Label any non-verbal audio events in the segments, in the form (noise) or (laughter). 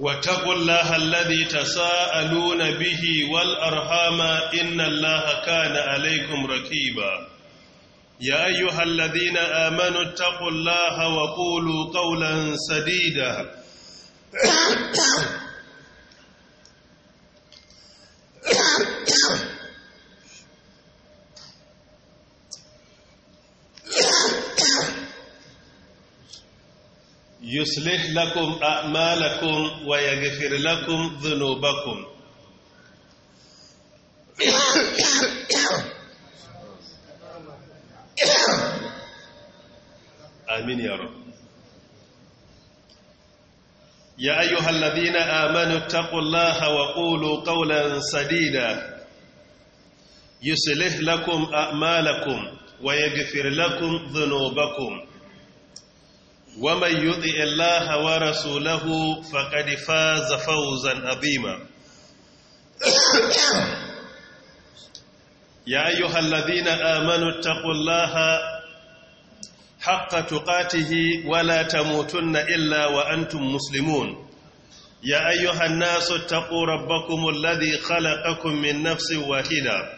واتقوا الله الذي تساءلون به والأرحام إن الله كان عليكم ركيبا يا أيها الذين آمنوا اتقوا الله وقولوا قولا سديدا يصلح لكم أعمالكم ويغفر لكم ذنوبكم آمين يا رب يا أيها الذين آمنوا اتقوا الله وقولوا قولا سديدا يصلح لكم أعمالكم ويغفر لكم ذنوبكم ومن يطع الله ورسوله فقد فاز فوزا عظيما يا ايها الذين امنوا اتقوا الله حق تقاته ولا تموتن الا وانتم مسلمون يا ايها الناس اتقوا ربكم الذي خلقكم من نفس واحده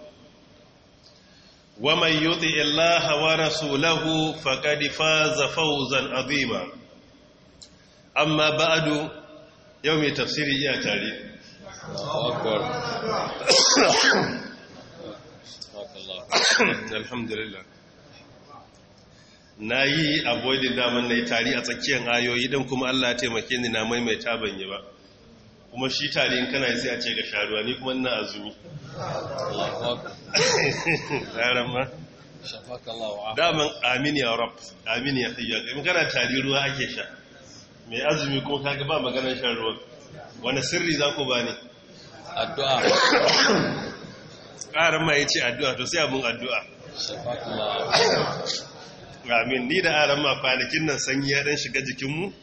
ومن يطع الله ورسوله فقد فاز فوزا عظيما اما بعد يوم تفسيري يا تاري (coughs) الحمد لله na yi da daman na tari a tsakiyar ayoyi don kuma Allah ya taimake ni na maimaita ban yi ba kuma shi tare in kana sai a ce ga sharuwa ni kuma ina azumi tsaron ma daman amin ya rab amin ya hayya in kana tari ruwa ake sha mai azumi ko kaga ba maganar shan ruwa wani sirri za ku ba ne addu'a ƙarar ma ya ce addu'a to sai abin addu'a amin ni da ƙarar ma kwanakin nan sanyi ya ɗan shiga jikinmu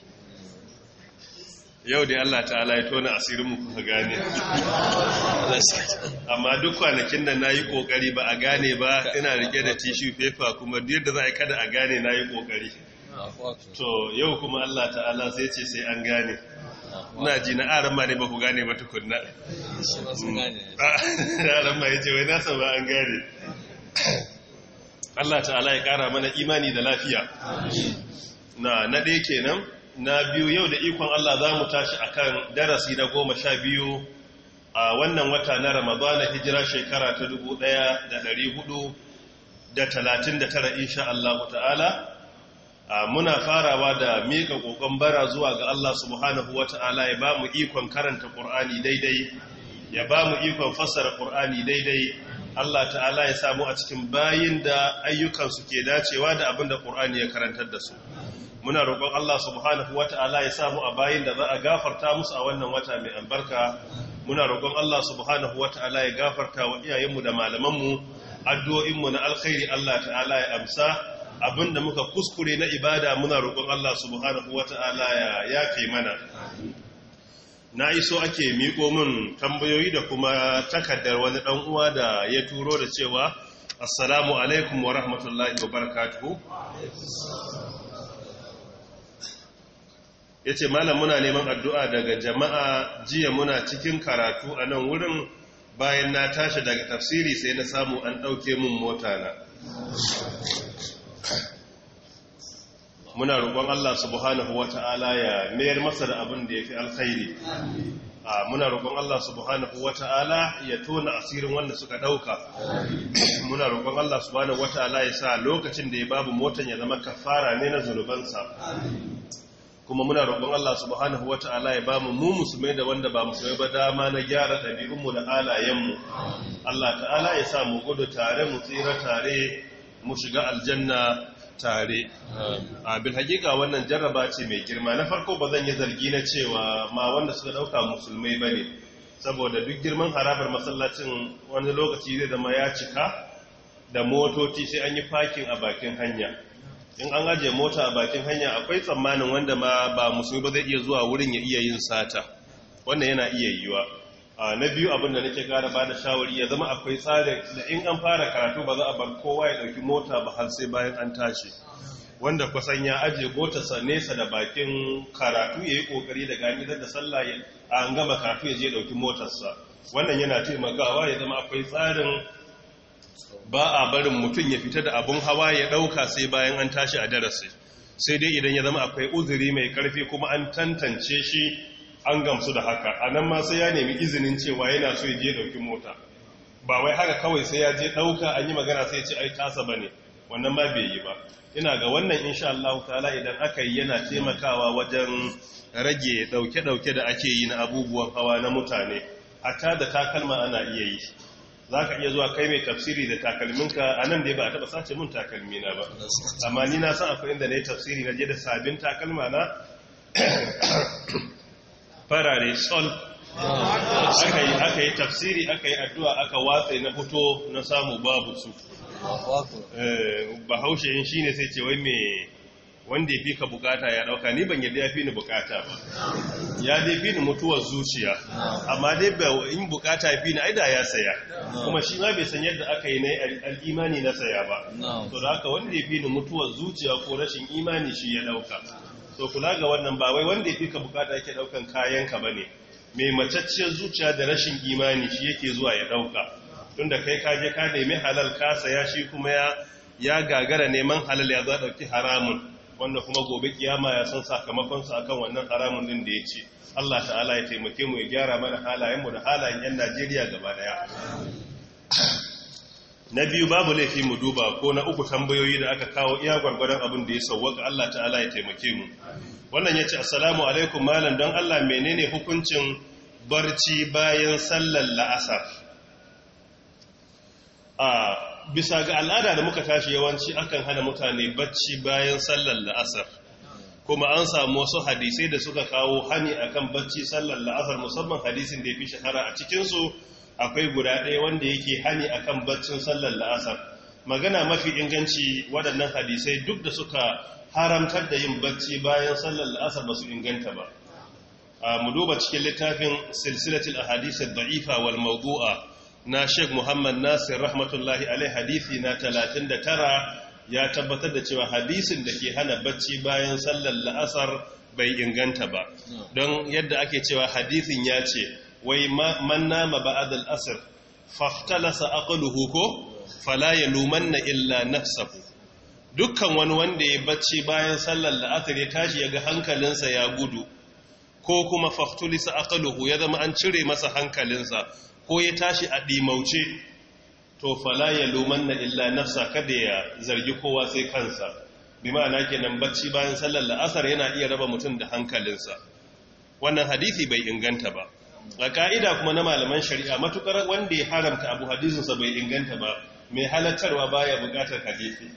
yau dai Allah ta'ala ya tona asirinmu kuka gane amma duk kwanakin da na yi ƙoƙari ba a gane ba ina rike da tishu fefa kuma duk da za a kada a gane na yi ƙoƙari to yau kuma Allah ta'ala sai ce sai an gane na ji na aran ma ne ba ku gane ba tukunna aran ma ya ce wai nasa ba an gane Allah ta'ala ya ƙara mana imani da lafiya na na ɗaya kenan na biyu yau da ikon Allah za mu tashi a kan darasi na goma sha biyu a wannan wata na ramadana hijira shekara ta dubu ɗaya da dari hudu da talatin da tara sha Allah ta'ala muna farawa da miƙa ƙoƙon bara zuwa ga Allah subhanahu wa ta'ala ya ba mu ikon karanta ƙur'ani daidai ya ba mu ikon fassara ƙur'ani daidai Allah ta'ala ya samu a cikin bayin da ayyukansu ke dacewa da abin da ƙur'ani ya karantar da su muna roƙon Allah subhanahu wata'ala ya samu a bayin da za a gafarta musu a wannan wata mai albarka muna roƙon Allah subhanahu wata'ala ya gafarta wa iyayenmu da malamanmu addu'o'inmu na alkhairi Allah ta'ala ya amsa abinda muka kuskure na ibada muna roƙon Allah subhanahu wata'ala ya yafe mana na iso ake miƙo min tambayoyi da kuma takardar wani ɗan uwa da ya turo da cewa assalamu alaikum wa rahmatullahi wa barakatuhu ya ce malam muna neman addu'a daga jama'a jiya muna cikin karatu a nan wurin bayan na tashi daga tafsiri sai na samu an ɗauke mun mota na muna roƙon Allah subhanahu wa ta'ala ya mayar masa da abin da ya fi alkhairi muna roƙon Allah subhanahu ta’ala ya tona asirin wanda suka ɗauka muna roƙon Allah subhanahu ta’ala ya sa lokacin da ya babu motan ya zama kafara ne na zunubansa kuma muna roƙon Allah subhanahu wata'ala ya bamu mu musulmai da wanda ba musulmai ba dama na gyara ɗabi'unmu da halayenmu Allah ta'ala ya sa mu gudu tare mu tsira tare mu shiga aljanna tare abin hakika wannan jarraba ce mai girma na farko ba zan yi zargi na cewa ma wanda suka ɗauka musulmai ba ne saboda duk girman harabar masallacin wani lokaci zai zama ya cika da motoci sai an yi fakin a bakin hanya in an ajiye mota a bakin hanya akwai tsammanin wanda ma ba musulmi ba zai iya zuwa wurin ya iya yin sata wannan yana iya yiwa na biyu abin da nake gara ba da shawari ya zama akwai tsari da in an fara karatu ba za a bar kowa ya ɗauki mota ba har sai bayan an tashi wanda kusan ya ajiye motarsa nesa da bakin karatu ya yi ƙoƙari da ganidar da sallah an gama karatu ya je dauki motarsa wannan yana taimakawa ya zama akwai tsarin ba a barin mutum ya fita da abun hawa ya ɗauka sai bayan an tashi a darasi sai dai idan ya zama akwai uzuri mai karfi kuma an tantance shi an gamsu da haka a nan ma sai ya nemi izinin cewa yana so ya je dauki mota ba wai haka kawai sai ya je ɗauka an yi magana sai ce ai tasa ba ne wannan ma bai yi ba ina ga wannan insha Allah ta'ala idan aka yi yana taimakawa wajen rage ɗauke-ɗauke da ake yi na abubuwan hawa na mutane hatta da takalma ana iya yi za ka iya zuwa kai mai tafsiri da takalminka a nan dai ba a taba sace mun takalmina ba amma ni na san akwai inda na yi tafsiri na je da sabin takalma na (coughs) farare sol aka yi tafsiri aka yi addu'a aka watsa na fito na samu babu su eh, bahaushe shi ne sai ce wai mai wanda ya fi ka bukata ya dauka ni ban yadda ya fi ni bukata ba ya dai fi ni mutuwar zuciya amma dai ba in bukata ya fi ni aida ya saya kuma shi ma bai san yadda aka yi na al'imani na saya ba to da haka wanda ya fi ni mutuwar zuciya ko rashin imani shi ya dauka to kula ga wannan ba wai wanda ya fi ka bukata yake daukan kayan ka bane mai macacciyar zuciya da rashin imani shi yake zuwa ya dauka tunda kai ka je ka nemi halal ka saya shi kuma ya ya gagara neman halal ya za dauki haramun wanda kuma gobe kiyama ya san sakamakonsa akan wannan haramun din da ya ce Allah ta'ala ya taimake mu ya gyara mana halayenmu da halayen 'yan Najeriya gaba daya na biyu babu laifi mu duba ko na uku tambayoyi da aka kawo iya gwargwadon abin da ya sauwaka Allah ta'ala ya taimake mu wannan ya ce assalamu alaikum malam don Allah menene hukuncin barci bayan sallar la'asar a bisa ga al'ada da muka tashi yawanci akan hana mutane bacci bayan sallar la'asar kuma an samu wasu hadisai da suka kawo hani akan bacci sallar la'asar musamman hadisin da ya fi shahara a cikinsu akwai guda ɗaya wanda yake hani akan baccin sallar la'asar magana mafi inganci waɗannan hadisai duk da suka haramtar da yin bacci bayan sallar la'asar ba su inganta ba mu duba cikin littafin silsilatul ahadith ad-da'ifa wal mawdu'a na Sheikh Muhammad Nasir rahmatullahi alaihi hadisi na 39 ya tabbatar da cewa hadisin da ke hana bacci bayan sallar la'asar bai inganta ba don yadda ake cewa hadisin ya ce wai man nama ba adal asr faftalasa aqluhu ko fala na illa nafsahu dukkan wani wanda ya bacci bayan sallar la'asar ya tashi ya ga hankalinsa ya gudu ko kuma faftulisa aqluhu ya zama an cire masa hankalinsa ko ya tashi a ɗimauce to fala ya na illa nafsa kada ya zargi kowa sai kansa bi ma'ana kenan bacci bayan sallar la'asar yana iya raba mutum da hankalinsa wannan hadisi bai inganta ba a ka'ida kuma na malaman shari'a matukar wanda ya haramta abu hadisinsa bai inganta ba mai halattarwa baya bukatar hadisi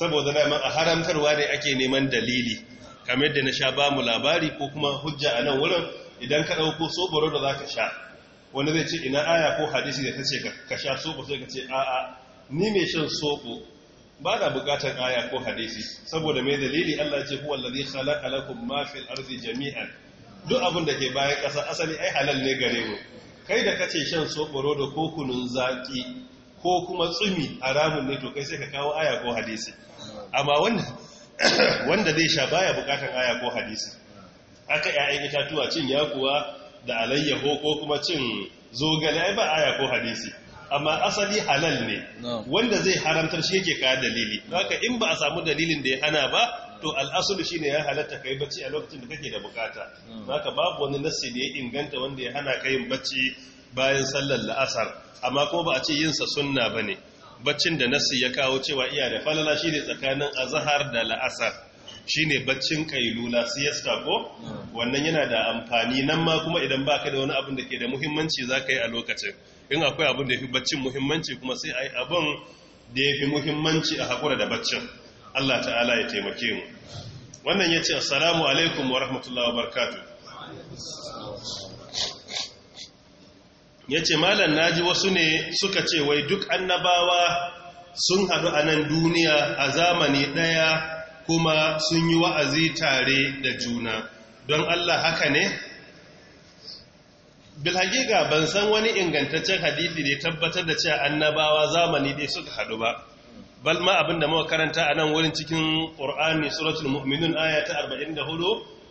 saboda dama a haramtarwa ne ake neman dalili kamar da na sha ba mu labari ko kuma hujja a nan wurin idan ka ɗauko soboro da za ka sha wani zai ce ina aya ko hadisi da ta ce ka sha soɓo sai ka ce a'a ni mai shan soɓo ba na bukatar aya ko hadisi saboda mai dalili Allah ce huwa allazi khalaqa lakum ma fil jami'an duk abin da ke bayan kasa asali ai halal ne gare mu kai da kace shan soko rodo ko kunun zaki ko kuma tsumi haramun ne to kai sai ka kawo aya ko hadisi amma wanda (coughs) wanda zai sha baya bukatar aya ko hadisi aka 'ya'yan itatuwa cin ya kuwa da alayyaho ko kuma cin zogale ai ba aya ko hadisi amma asali halal ne wanda zai haramtar shi yake kawo dalili haka in ba a samu dalilin da ya hana ba to al'asulu shine ya halatta kai bacci a lokacin da kake da bukata mm. haka babu wani nassi da ya inganta wanda ya hana kai bacci bayan sallar la'asar amma ko ba a ce yin sa sunna bane baccin da nassi ya kawo cewa iya da falala shine tsakanin azhar da la'asar Shi ne baccin kailula siyasta ko hmm. wannan yana da amfani nan ma kuma idan ba ka da wani abin da ke da muhimmanci za ka yi a lokacin in akwai abin da ya fi baccin muhimmanci kuma sai a yi abin da ya fi muhimmanci a haƙura da baccin Allah ta'ala ya taimake mu wannan ya ce, assalamu alaikum wa rahmatullahi wa Ya yace malam naji wasu ne suka ce wai duk annabawa sun haɗu a nan duniya a zamani ɗaya kuma sun yi wa'azi tare da juna don Allah haka ne bilhagiga ban san wani ingantaccen hadithi ya tabbatar da cewa annabawa zamani dai suka haɗu ba bal ma abin da muka karanta a nan wurin cikin ƙur'ani suratul mu'minun aya ta 44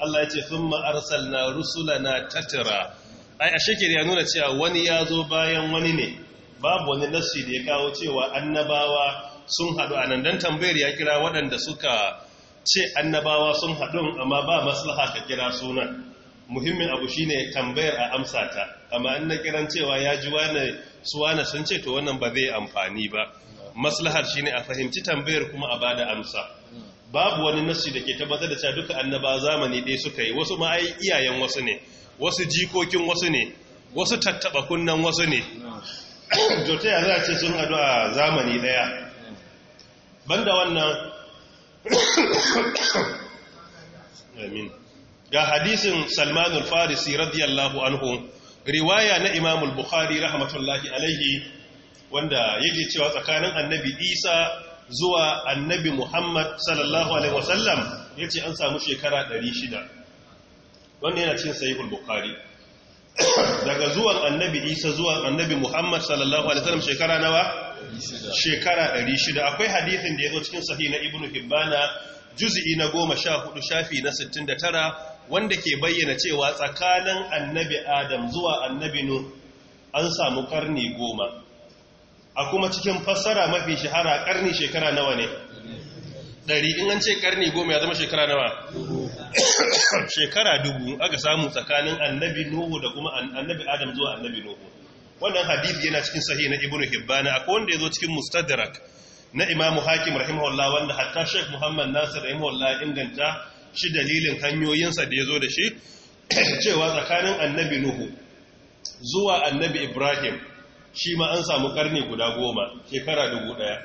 Allah ya ce na rusula na tatira ai ashe ke ya nuna cewa wani ya zo bayan wani ne babu wani nassi da ya kawo cewa annabawa sun haɗu a nan don tambayar ya kira waɗanda suka ce annabawa sun haɗu amma ba maslaha ka kira sunan muhimmin abu shine tambayar a amsa ta amma an na kiran cewa ya ji wane suwana sun ce to wannan ba zai amfani ba maslahar shine a fahimci tambayar kuma a bada amsa babu wani nasi da ke tabbatar da cewa duka annaba zamani ɗaya suka yi wasu ma iyayen wasu ne wasu jikokin wasu ne wasu tattaɓa kunnan wasu ne (coughs) to ya za a ce sun haɗu a zamani ɗaya banda wannan amin ga hadisin Salman al-Farisi radiyallahu anhu riwaya na Imam al-Bukhari rahmatullahi Alayhi, wanda yake cewa tsakanin Annabi Isa zuwa Annabi Muhammad sallallahu alaihi wasallam yace an samu shekara 600 wanda yana cikin sahih al-Bukhari daga zuwan Annabi Isa zuwa Annabi Muhammad sallallahu alaihi wasallam shekara nawa shekara 600 akwai hadithin da ya zo cikin sahi na ibn hibbana juz'i na goma sha hudu shafi na 69 wanda ke bayyana cewa tsakanin annabi adam zuwa annabi nu an samu karni goma a kuma cikin fassara mafi shahara karni shekara nawa ne ɗari in an ce karni goma ya zama shekara nawa (coughs) shekara dubu aka samu tsakanin annabi nuhu da kuma annabi adam zuwa annabi nuhu wannan hadith yana cikin sahih na ibnu hibbana akwai wanda yazo cikin mustadrak na imam hakim rahimahullah wanda hatta sheikh muhammad nasir rahimahullah inganta shi dalilin hanyoyinsa da yazo da shi (coughs) cewa tsakanin annabi nuhu zuwa annabi ibrahim shi ma an samu karni guda goma shekara dubu daya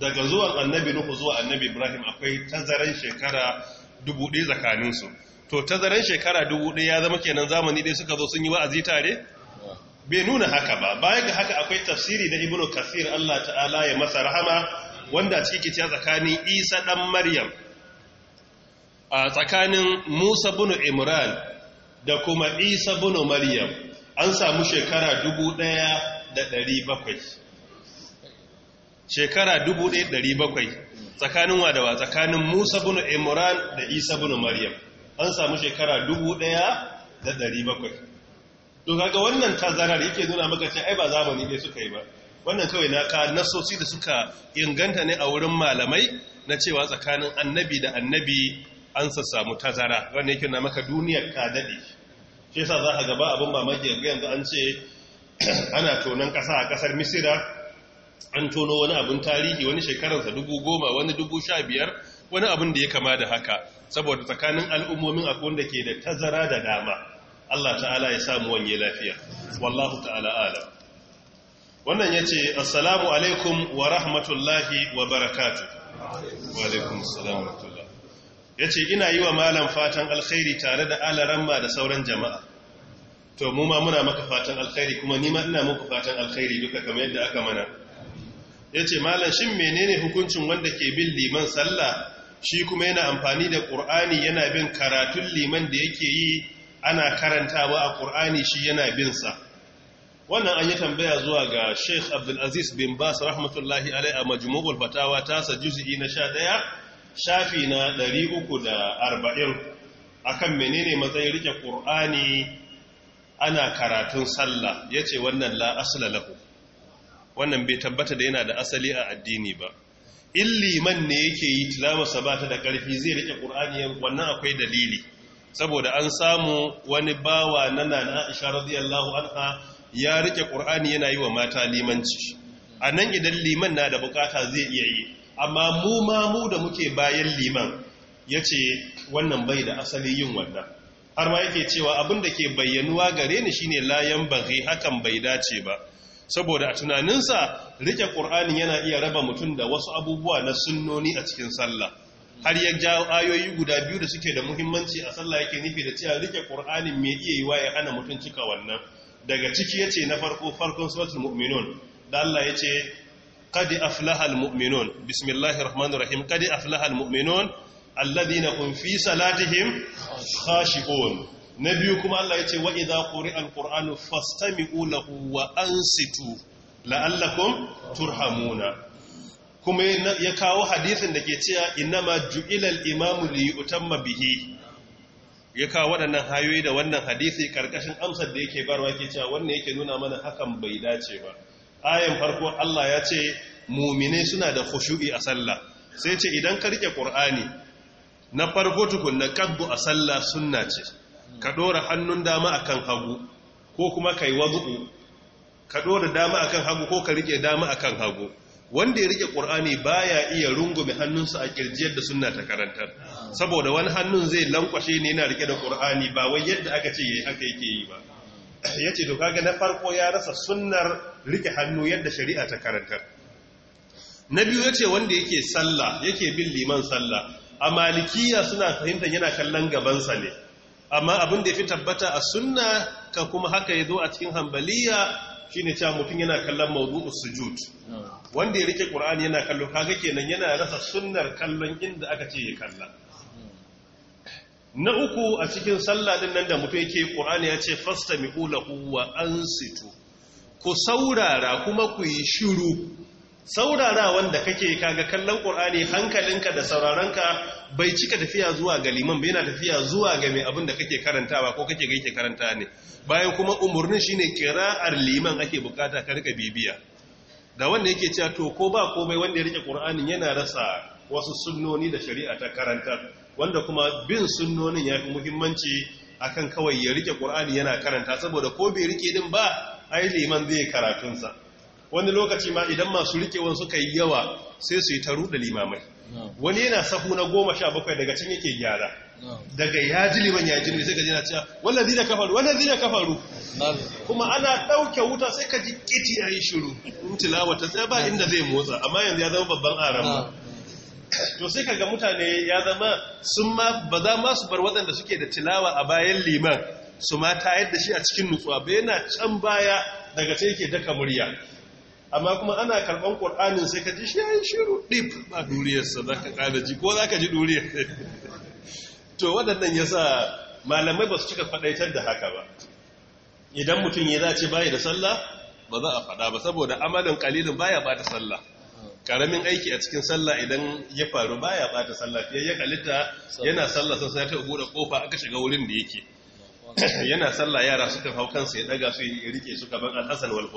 daga zuwan annabi nuhu zuwa annabi ibrahim akwai tazaran shekara dubu ɗaya tsakaninsu to tazaran shekara dubu ɗaya ya zama kenan zamani dai suka zo sun yi wa'azi tare bai nuna haka ba bayan ga haka akwai tafsiri na ibnu kasir Allah ta'ala ya masa rahama wanda ciki ta tsakanin isa dan maryam a tsakanin musa bin imran da kuma isa bin maryam an samu shekara 1700 shekara 1700 tsakanin wa tsakanin Musa bin Imran da Isa bin Maryam an samu shekara 1700 to kaga wannan tazarar yake nuna maka ce ai ba zamani ne suka yi ba wannan kawai na ka nasosi da suka inganta ne a wurin malamai na cewa tsakanin annabi da annabi an sassamu tazara wannan yake na maka duniyar ka dade shi yasa za ka gaba abin mamaki yanzu an ce (clears throat) ana tonon kasa a kasar misira an tono wani abin tarihi wani shekararsa dubu goma wani dubu sha biyar wani abin da ya kama da haka saboda tsakanin al'ummomin akwai wanda ke da tazara da dama Allah ta'ala ya samu wanye lafiya wallahu ta'ala alam wannan yace assalamu alaikum wa rahmatullahi wa barakatuh wa alaikum assalamu wa rahmatullah yace ina yi wa malam fatan alkhairi tare da alaramma da sauran jama'a to mu ma muna maka fatan alkhairi kuma ni ma ina muku fatan alkhairi duka kamar yadda aka mana yace malam shin menene hukuncin wanda ke bin liman sallah shi kuma yana amfani da qur'ani yana bin karatun liman da yake yi ana karanta ba a ƙur'ani shi yana bin sa. wannan an yi tambaya zuwa ga sheikh abdulaziz bin bas rahmatullahi alai a majmu'ul fatawa tasa juzi na sha ɗaya shafi na ɗari uku da arba'in a kan menene matsayin rike ƙur'ani ana karatun sallah ya ce wannan la'asala lahu wannan bai tabbata da yana da asali a addini ba in liman ne yake yi tilawarsa ba ta da ƙarfi zai rike ƙur'ani wannan akwai dalili saboda an samu wani bawa na na Aisha radiyallahu anha ya rike Qur'ani yana yi wa mata limanci A nan idan liman na da bukata zai iya yi amma mu ma mu da muke bayan liman yace wannan bai da asali yin wannan har ma yake cewa abinda ke bayyanuwa gare ni shine layan baghi hakan bai dace ba saboda a tunaninsa rike Qur'ani yana iya raba mutum da wasu abubuwa na sunnoni a cikin sallah har ya jawo ayoyi guda biyu da suke da muhimmanci a sallah yake nufi da cewa rike qur'anin mai iya yiwa ya hana mutun cika wannan daga ciki yace na farko farkon suratul mu'minun da Allah yace qad aflahal almu'minun bismillahir rahmanir rahim qad aflahal almu'minun alladhina hum fi salatihim khashi'un na biyu kuma Allah yace wa idza quri'a alqur'anu fastami'u lahu wa ansitu la'allakum turhamuna kuma ya kawo hadisin da ke cewa ma ju'ilal imamu li bihi ya kawo waɗannan hayoyi da wannan hadisi karkashin amsar da yake barwa ke cewa wannan yake nuna mana hakan bai dace ba ayan farko Allah ya ce mu'mine suna da khushu'i a sallah sai ce idan ka rike qur'ani na farko na kaddu a sallah sunna ce ka dora hannun dama akan hagu ko kuma kai wazu ka dora dama akan hagu ko ka rike dama akan hagu wanda ya rike qur'ani baya iya rungume hannunsa a kirjiyar da sunna ta karantar saboda wani hannun zai lankwashe ne yana rike da qur'ani ba wai yadda aka ce yayi haka yake yi ba (clears throat) yace to kaga na farko ya rasa sunnar rike hannu yadda shari'a ta karantar na biyu yace wanda yake sallah yake bin liman sallah a malikiya suna fahimta yana kallon gabansa ne amma abin da ya fi tabbata a sunna ka kuma haka ya zo a cikin hambaliya shine cewa mutum yana kallon mawdu'us sujud wanda ya rike qur'ani yana kallo kaga kenan yana rasa sunnar kallon inda aka ce ya kalla na uku a cikin sallah din nan da mutum yake qur'ani ya ce fastami'u lahu wa ansitu ku saurara kuma ku yi shiru Saurara wanda kake kaga kallon ƙur'ani hankalinka da sauraronka bai cika tafiya zuwa ga liman bai yana tafiya zuwa ga mai abin da kake karantawa ko kake gaike karanta ne bayan kuma umarnin shine kira'ar liman ake bukata ka rika bibiya da wanda yake cewa to ko ba komai wanda ya rike ƙur'anin yana rasa wasu sunnoni da shari'a ta karanta wanda kuma bin sunnonin ya fi muhimmanci akan kawai ya rike ƙur'ani yana karanta saboda ko bai rike din ba ai liman zai karatunsa wani lokaci ma idan masu rikewan suka yi yawa sai su yi ta da limamai wani yana sahu na goma sha bakwai daga can yake gyara daga ya ji liman ya ji sai ka jina na cewa wannan zina kafaru wannan zina kafaru kuma ana ɗauke wuta sai ka ji kiti a yi shiru in tilawa ta tsaye ba inda zai motsa amma yanzu ya zama babban aram to sai ka ga mutane ya zama sun ma ba za ma su bar waɗanda suke da tilawa a bayan liman su ma tayar da shi a cikin nutsuwa ba yana can baya daga sai yake daka murya amma kuma ana karban ƙwar'anin sai ka ji shi yayin shiru ɗif a duriyarsa ka ƙada ji ko za ka ji duriyar (laughs) to waɗannan ya sa malamai ba su cika faɗaitar da haka ba idan mutum ya dace baya da sallah ba za a faɗa ba saboda amalin kalilin baya bata sallah Ƙaramin aiki a cikin sallah idan ya faru baya bata sallah fiye ya kalita yana sallah sun sai ta buɗe kofa aka shiga wurin da yake (clears throat) yana sallah yara suka hau kansa ya ɗaga su ya rike su kaman al-Hasan wal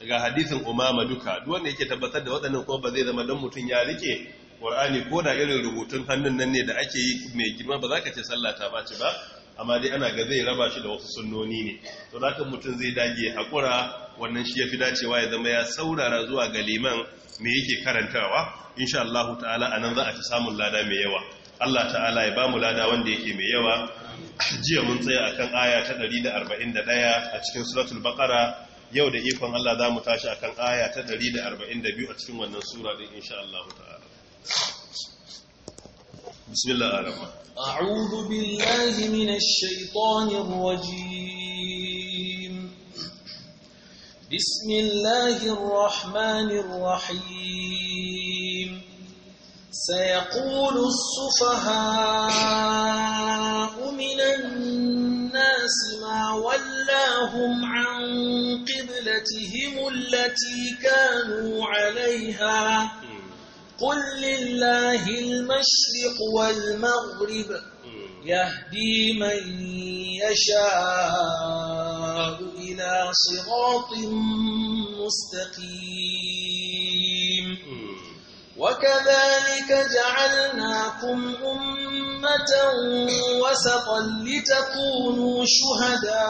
Daga hadisin umama duka duk wanda yake tabbatar da waɗannan kuma ba zai zama don mutum ya rike ƙwar'ani ko da irin rubutun hannun nan ne da ake yi mai girma ba za ka ce sallah ta baci ba amma dai ana ga zai raba shi da wasu sunnoni ne to ka mutum zai dage hakura wannan shi ya fi dacewa ya zama ya saurara zuwa ga liman me yake karantawa insha Allah ta'ala a nan za a fi samun lada mai yawa Allah ta'ala ya ba mu lada wanda yake mai yawa jiya mun tsaya akan aya ta 141 a cikin suratul baqara yau da ikon Allah za mu tashi akan aya ta 142 a cikin wannan sura din insha Allah ta'ala bismillah arama a'udhu billahi minash shaitanir rajim bismillahir rahmanir rahim سيقول السفهاء من الناس ما ولاهم عن قبلتهم التي كانوا عليها قل لله المشرق والمغرب يهدي من يشاء إلى صراط مستقيم وكذلك جعلناكم أمة وسطا لتكونوا شهداء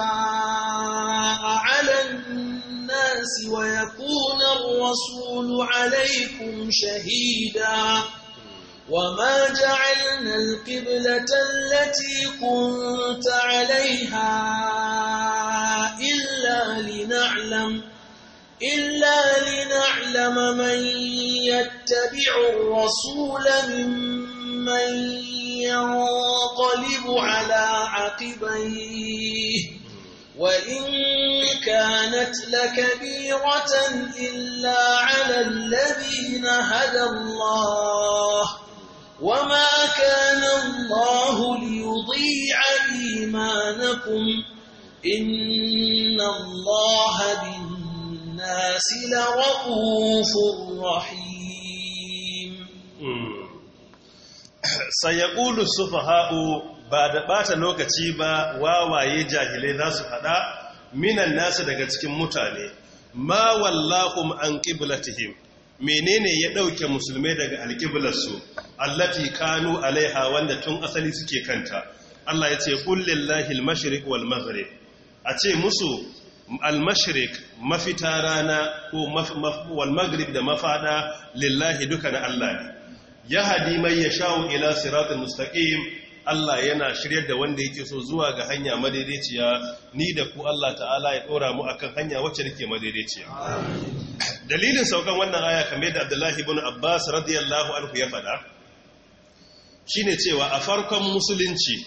على الناس ويكون الرسول عليكم شهيدا وما جعلنا القبلة التي كنت عليها إلا لنعلم إلا لنعلم من يتبع الرسول ممن ينقلب على عقبيه وإن كانت لكبيرة إلا على الذين هدى الله وما كان الله ليضيع إيمانكم إن الله بي النَّاسِ لَرَؤُوفٌ رحيم hmm. ba da ɓata lokaci ba, wawaye jahilai za su fada minan nasu daga cikin mutane ma wallahum an qiblatihim menene ya dauke musulmai daga su allati kanu alaiha wanda tun asali suke kanta Allah ya ce kullillahi al-mashriq wal maghrib a ce musu Almashirik mafita rana ko wal maghrib da mafada lillahi duka na Allah ne ya hadi mai ya sha'u ila siratun mustaƙim Allah yana shirya da wanda yake so zuwa ga hanya madaidaiciya ni da ku Allah ta'ala ya ɗora mu akan hanya wacce nake madaidaiciya dalilin saukan wannan aya kame da Abdullahi ibn Abbas radiyallahu anhu ya fada shine cewa a farkon musulunci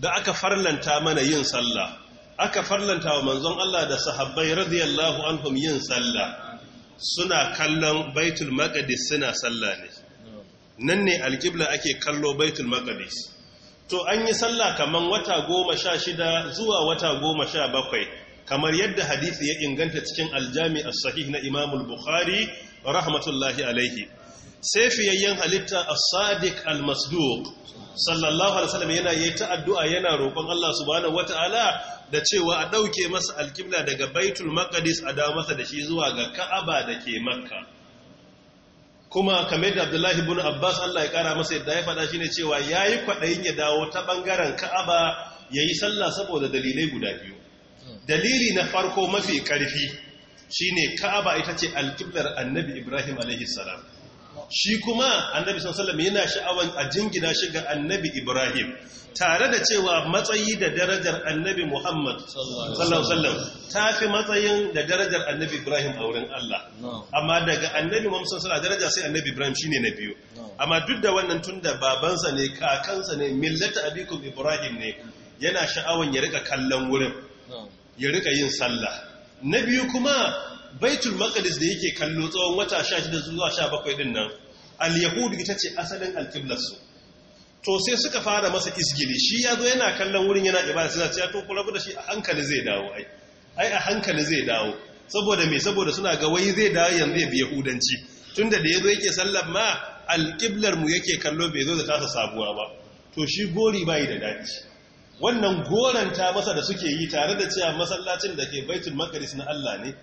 da aka farlanta mana yin sallah aka farlanta wa manzon Allah da sahabbai radiyallahu anhum yin sallah suna kallon baitul maqdis suna sallah ne nan ne alqibla ake kallo baitul maqdis to an yi sallah kaman wata goma sha shida zuwa wata goma sha bakwai kamar yadda hadisi ya inganta cikin aljami as-sahih na imamul bukhari rahmatullahi alaihi sai fiyayyen halitta as-sadiq al-masduq sallallahu alaihi wasallam yana yi ta addu'a yana roƙon Allah subhanahu wataala da cewa a ɗauke masa alkibla daga baitul maqdis a dawo masa da shi zuwa ga ka'aba da ke makka kuma kamar da abdullahi ibn abbas Allah ya kara masa yadda ya fada faɗa shine cewa yayi kwaɗayin ya dawo ta ɓangaren ka'aba yayi sallah saboda dalilai guda biyu dalili na farko mafi ƙarfi shine ka'aba ita ce alkiblar annabi ibrahim alaihi salam shi kuma annabi sallallahu yana sha'awan a jingina shi ga annabi ibrahim tare da cewa matsayi da darajar annabi muhammad sallallahu ta fi matsayin da darajar annabi ibrahim a wurin allah amma daga annabi muhammad sallallahu daraja sai annabi ibrahim shine na biyu amma duk da wannan tunda babansa ne kakansa ne millata abikum ibrahim ne yana sha'awan ya rika kallon wurin ya rika yin sallah na biyu kuma baitul maqdis da yake kallo tsawon wata 16 zuwa 17 din nan al yahudi ta ce asalin al su to sai suka fara masa isgili shi yazo yana kallon wurin yana ibada sai ya to ku da shi a hankali zai dawo ai ai a hankali zai dawo saboda me saboda suna ga wai zai dawo yanzu ya bi yahudanci tunda da yazo yake sallar ma al-qiblar mu yake kallo bai zo da tasa sabuwa ba to shi gori bai da dadi wannan goranta masa da suke yi tare da cewa masallacin da ke baitul maqdis na Allah ne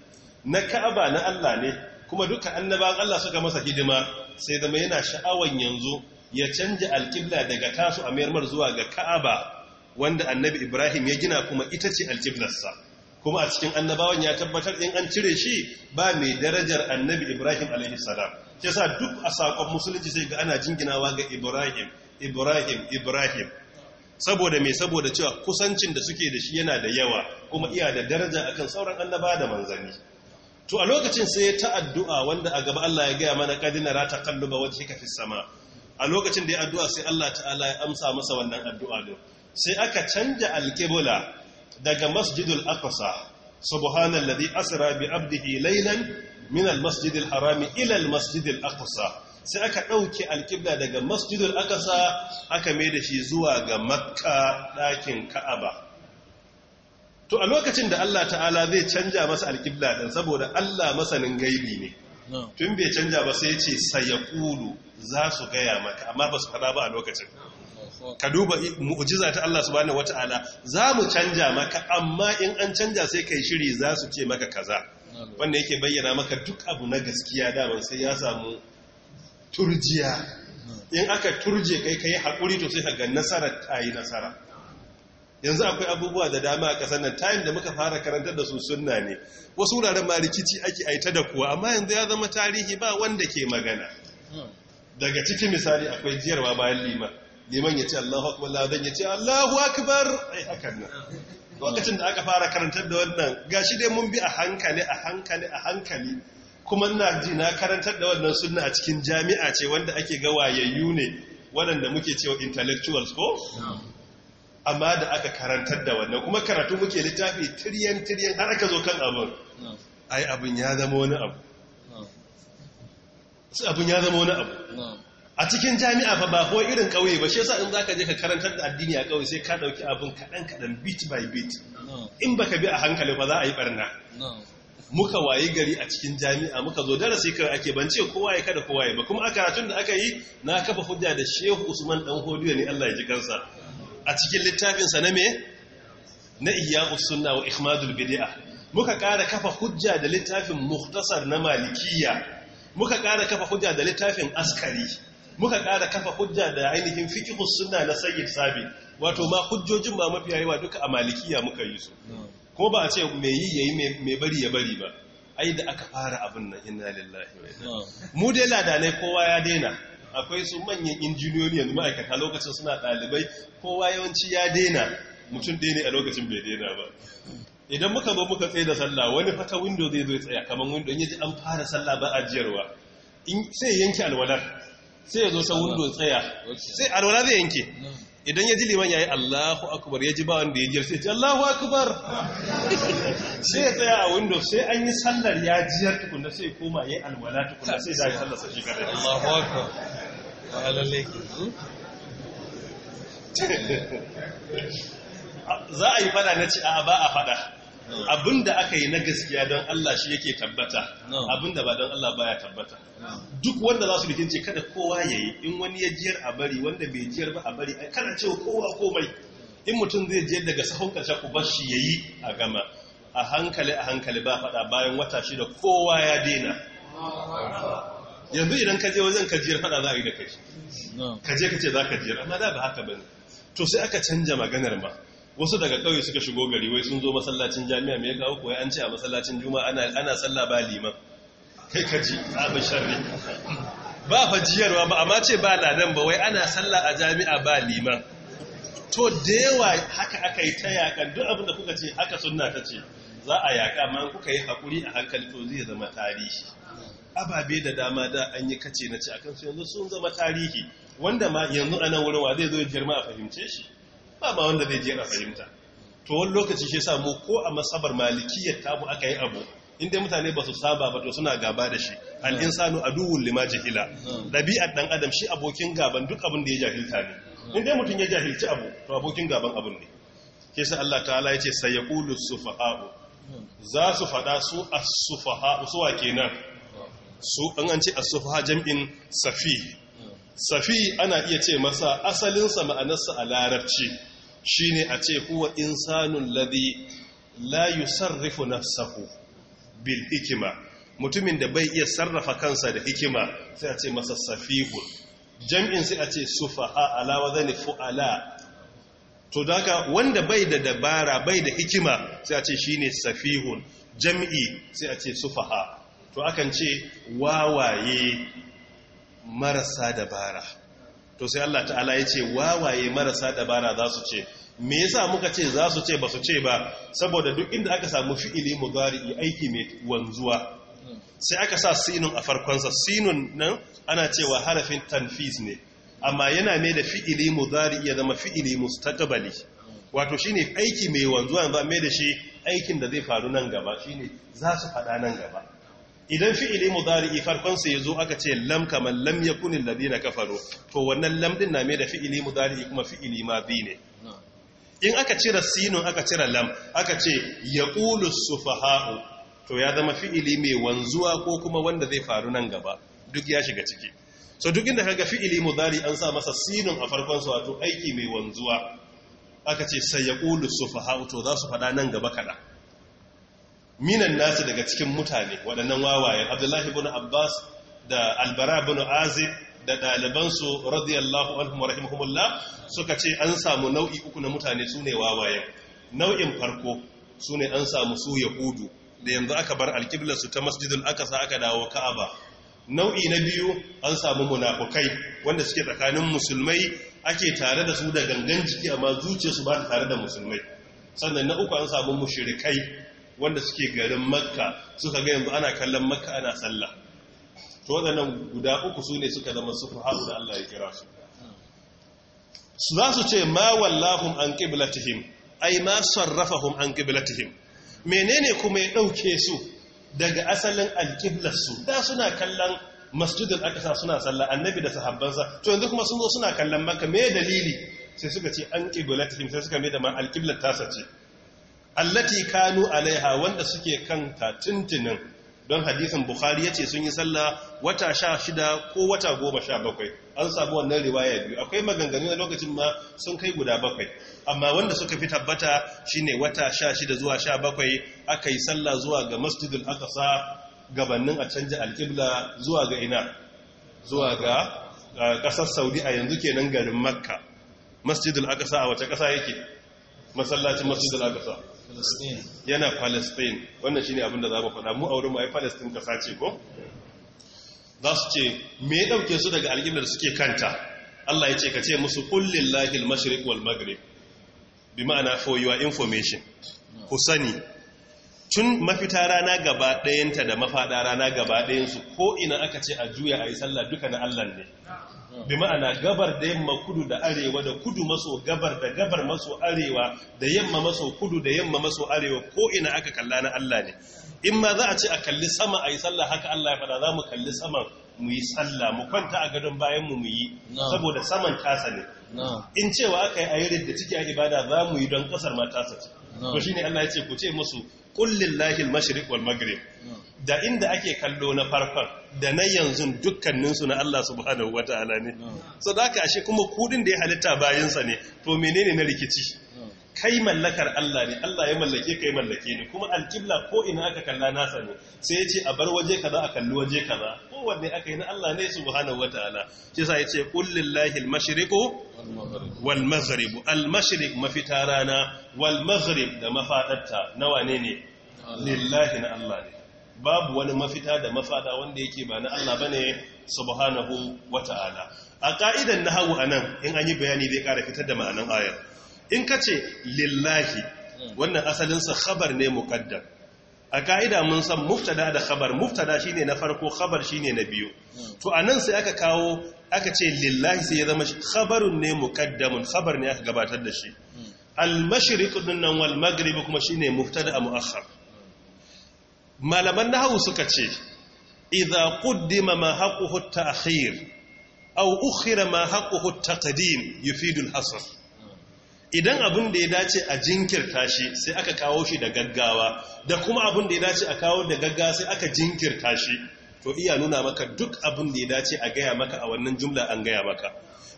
na ka'aba na Allah ne kuma duka annaba Allah suka masa hidima sai zama yana sha'awan yanzu ya canja alƙibla daga tasu a mayarmar zuwa ga ka'aba wanda annabi ibrahim ya gina kuma ita ce alƙiblarsa kuma a cikin annabawan ya tabbatar in an cire shi ba mai darajar annabi ibrahim alaihi salam sa duk a saƙon musulunci sai ga ana jinginawa ga ibrahim ibrahim ibrahim saboda mai saboda cewa kusancin da suke da shi yana da yawa kuma iya da daraja akan sauran annaba da manzanni to a lokacin sai ta addu'a wanda a gaba Allah ya gaya mana kadina za ta ba wajen ka sama a lokacin da ya addu'a sai Allah ta'ala ya amsa masa wannan addu'a din sai aka canja alƙibla daga masjidul aqsa Ladi asra bi abdihi laylan minal masjidil harami ilal masjidil aqsa sai aka ɗauke alƙibla daga masjidul akasa aka mai da shi zuwa ga makka ɗakin ka'aba to a lokacin da Allah ta'ala zai canja masa alƙibla ɗin saboda Allah masanin gaibi ne tun bai canja ba sai ce sayakulu za su gaya maka amma ba su faɗa ba a lokacin ka duba mu'jiza ta Allah subhanahu wata'ala za mu canja maka amma in an canja sai kai shiri za su ce maka kaza wanda yake bayyana maka duk abu na gaskiya daman sai ya samu turjiya in aka turje kai kai haƙuri to sai ka ga nasara ta yi nasara yanzu akwai abubuwa da dama a ƙasar nan tayin da muka fara karantar da su sunna ne wasu wuraren ma rikici ake aita da kuwa amma yanzu ya zama tarihi ba wanda ke magana daga cikin misali akwai jiyarwa bayan liman liman ya ce allahu akbar ladan ya ce allahu akbar ai hakan nan lokacin da aka fara karantar da wannan gashi dai mun bi a hankali a hankali a hankali kuma na ji na karantar da wannan sunna a cikin jami'a ce wanda ake ga wayayyu ne waɗanda muke cewa intellectuals ko amma da aka karantar da wannan kuma karatu muke littafi tiryan tiryan har aka zo kan abin ai abin ya zama wani abu abin ya zama wani abu a cikin jami'a fa ba ko irin kauye ba shi yasa in za ka je ka karantar da addini a kauye sai ka dauki abin kaɗan kadan bit by bit in ba ka bi a hankali ba za a yi barna muka waye gari a cikin jami'a muka zo darasi kan ake bance kowa ya kada kowa ya ba kuma a karatun da aka yi na kafa hujja da Shehu Usman dan hodiya ne Allah ya ji kansa a cikin littafinsa na me na iya sunna wa ihmadul bid'a muka ƙara kafa hujja da littafin muhtasar na malikiya muka ƙara kafa hujja da littafin askari muka ƙara kafa hujja da ainihin fiqhus sunna na sayyid sabi wato ma hujjojin ma mafi yawa duka a malikiya muka yi su ko ba a ce me yi yayi me bari ya bari ba ai da aka fara abin nan inna lillahi wa inna mu dai ladanai kowa ya daina akwai su manyan injiniyoyi yanzu ma'aikata lokacin suna ɗalibai kowa yawanci ya daina mutum ɗaya ne a lokacin bai daina ba idan muka zo muka tsaye da sallah wani fata window zai zo ya tsaya kamar window ya ji an fara sallah ba ajiyarwa sai yanke alwalar sai ya zo sa window tsaya sai alwalar zai yanke idan ya ji liman ya yi Allahu akubar ya ji ba wanda ya jirce sai Allahu akubar sai ya tsaya a windows sai an yi sallar ya jiyar tukunda sai koma ya yi alwala tukunda sai za a yi sallar sa shigar da Allahu akubar ba lalle hmm? (laughs) za a yi fada na ci a ba a fada Abin da aka yi na gaskiya don Allah shi yake tabbata Abin da ba don Allah baya tabbata duk wanda za su bikin ce kada kowa ya yi in wani ya jiyar a bari wanda bai jiyar ba a bari kada cewa kowa komai in mutum zai je daga sahun ƙarshe ku bar shi ya yi a gama a hankali a hankali ba faɗa bayan wata shi da kowa ya daina yanzu idan ka je wajen ka jiyar faɗa za a yi da kai ka je ka ce za ka jiyar amma da ba haka ba ne to sai aka canja maganar ma wasu daga ƙauye suka shigo gari wai sun zo masallacin jami'a mai kawo kuwa an ce a masallacin juma'a ana sallah ba liman kai ka abin sharri ba fa jiyarwa ba amma ce ba ladan ba wai ana sallah a jami'a ba liman to da yawa haka aka yi ta yakan duk abin da kuka ce haka sunna ta ce za a yaƙa ma kuka yi haƙuri a hankali to zai zama tarihi ababe da dama da an yi kace na ce akan su yanzu sun zama tarihi wanda ma yanzu a nan wurin wa zai zo ya girma a fahimce shi ba ma wanda zai je a fahimta to wani lokaci shi samu ko a masabar ya tamu aka yi abu inda mutane ba su saba ba to suna gaba da shi al'insanu duhun lima jahila ɗabi'ar ɗan adam shi abokin gaban duk abin da ya jahilta ne inda mutum ya jahilci abu to abokin gaban abin ne ke sa Allah ta'ala ya ce sai ya su fa'a'u. za su faɗa su fa'a'u su suwa kenan su an an ce su fa'a jam'in safi safi ana iya ce masa asalinsa ma'anarsa a larabci Shi ne a ce huwa insanun ladi la sarrafa nafsahu bil hikima mutumin da bai iya sarrafa kansa da hikima sai a ce masa safihun jam'in sai a ce alawa ala wazani fu'ala to daga wanda bai da dabara bai da hikima sai a ce shi shine safihun jam'i sai a ce sufaha to akan ce wawaye marasa dabara to sai Allah ta'ala ya ce wawaye marasa dabara za su ce me yasa muka ce za su ce ba su ce ba saboda duk inda aka samu fi'ili mudari'i aiki mai wanzuwa sai aka sa sinun a farkonsa sinun nan ana cewa harafin tanfis ne amma yana mai da fi'ili mudari'i ya zama fi'ili mustaqbali wato shine aiki mai wanzuwa ba mai da shi aikin da zai faru nan gaba shine za su faɗa nan gaba idan fi'ili mudari'i farkon sa zo aka ce lam kamar lam yakun alladhina kafaru to wannan lam din na me da fi'ili mudari'i kuma fi'ili ma bi ne in aka cire sinu aka cire lam aka ce yaqulu sufaha'u to ya zama fi'ili mai wanzuwa ko kuma wanda zai faru nan gaba duk ya shiga ciki so duk inda kaga fi'ili mudari an sa masa sinu a farkon sa wato aiki mai wanzuwa aka ce sayaqulu sufaha'u to za su fada nan gaba kada minan nasu daga cikin mutane waɗannan wawayen abdullahi bin abbas da albara bin azib da ɗalibansu radiyallahu anhu wa rahimahumullah suka ce an samu nau'i uku na mutane su ne wawayen nau'in farko su ne an samu su yahudu da yanzu aka bar alkiblarsu ta masjidul akasa aka dawo ka'aba nau'i na biyu an samu munafukai wanda suke tsakanin musulmai ake tare da su da gangan jiki amma zuciyarsu ba tare da musulmai sannan na uku an samu mushrikai wanda suke garin makka suka ga yanzu ana kallon makka ana sallah to waɗannan guda uku su ne suka zama su haɗu da Allah ya kira su su za su ce ma wallahu an qiblatihim ai ma sarrafahum an qiblatihim menene kuma ya ɗauke su daga asalin alƙiblarsu su da suna kallon masjidul aqsa suna sallah annabi da sahabbansa to yanzu kuma sun zo suna kallon makka me dalili sai suka ce an qiblatihim sai suka mai da ma alqiblar tasa ce allati kanu alaiha wanda suke kanta tintinin don hadisin bukhari ya ce sun yi sallah wata sha shida ko wata goma sha bakwai an samu wannan riwaya biyu akwai maganganu na lokacin ma sun kai guda bakwai amma wanda suka fi tabbata shine wata sha shida zuwa sha bakwai aka yi sallah zuwa ga masjidul aqsa gabanin a canji alƙibla zuwa ga ina zuwa ga ƙasar saudi a yanzu kenan garin makka masjidul aqsa a wace ƙasa yake masallacin masjidul aqsa yana palestine wannan shine abin da za mu faɗa mu a mu ai palestine ka sace ko za su ce me ya ɗauke su daga alƙiblar suke kanta Allah ya ce ka ce musu kullin lahil mashirik wal maghrib bi ma'ana for your information ku sani tun mafita rana gaba ɗayanta da mafaɗa rana gaba ɗayansu ko ina aka ce a juya a yi sallah duka na Allah ne bi ma'ana gabar da yamma kudu da arewa da kudu maso gabar da gabar maso arewa da yamma maso kudu da yamma maso arewa ko ina aka kalla na Allah ne in ma za a ce a kalli sama a yi sallah haka Allah ya fada za mu kalli saman mu yi sallah mu kwanta a gadon bayan mu yi saboda saman tasa ne in cewa aka yi ayyar da ciki a ibada za mu yi don kasar ma tasa ce to shine Allah ya ce ku ce musu qul lahil al-mashriq wal maghrib da inda ake kallo na farfar da na yanzu dukkaninsu na Allah subhanahu wata'ala ne so da haka ashe kuma kudin da ya halitta bayansa ne to menene na rikici kai mallakar Allah ne Allah ya mallake kai mallake ne kuma alkibla ko ina aka kalla nasa ne sai ya ce a bar waje kaza a kalli waje kaza kowanne aka yi na Allah ne subhanahu wataala shi sa yace qul lillahi al-mashriqu wal maghrib al-mashriq mafita rana wal maghrib da mafadarta nawa ne ne lillahi na Allah ne babu wani mafita da mafada wanda yake ba na Allah bane subhanahu wataala a ka'idan nahwu anan in an yi bayani zai kara fitar da ma'anan ayar in kace lillahi hmm. wannan asalinsa khabar ne muqaddam a ka'ida mun san muftada da khabar muftada shine na farko khabar shine na biyu to anan sai aka kawo aka ce lillahi sai ya zama khabarun ne mukaddamun khabar ne aka gabatar da shi al-mashriq dinnan wal maghrib kuma shine muftada muakhar malaman nahwu suka ce idza quddima ma haquhu at-ta'khir aw ukhira ma haquhu at-taqdim yufidu al-hasr idan abin da ya dace a jinkirta shi sai aka kawo shi da gaggawa da kuma abin da ya dace a kawo da gaggawa sai aka jinkirta shi to iya nuna maka duk abin da ya dace a gaya maka a wannan jumla an gaya maka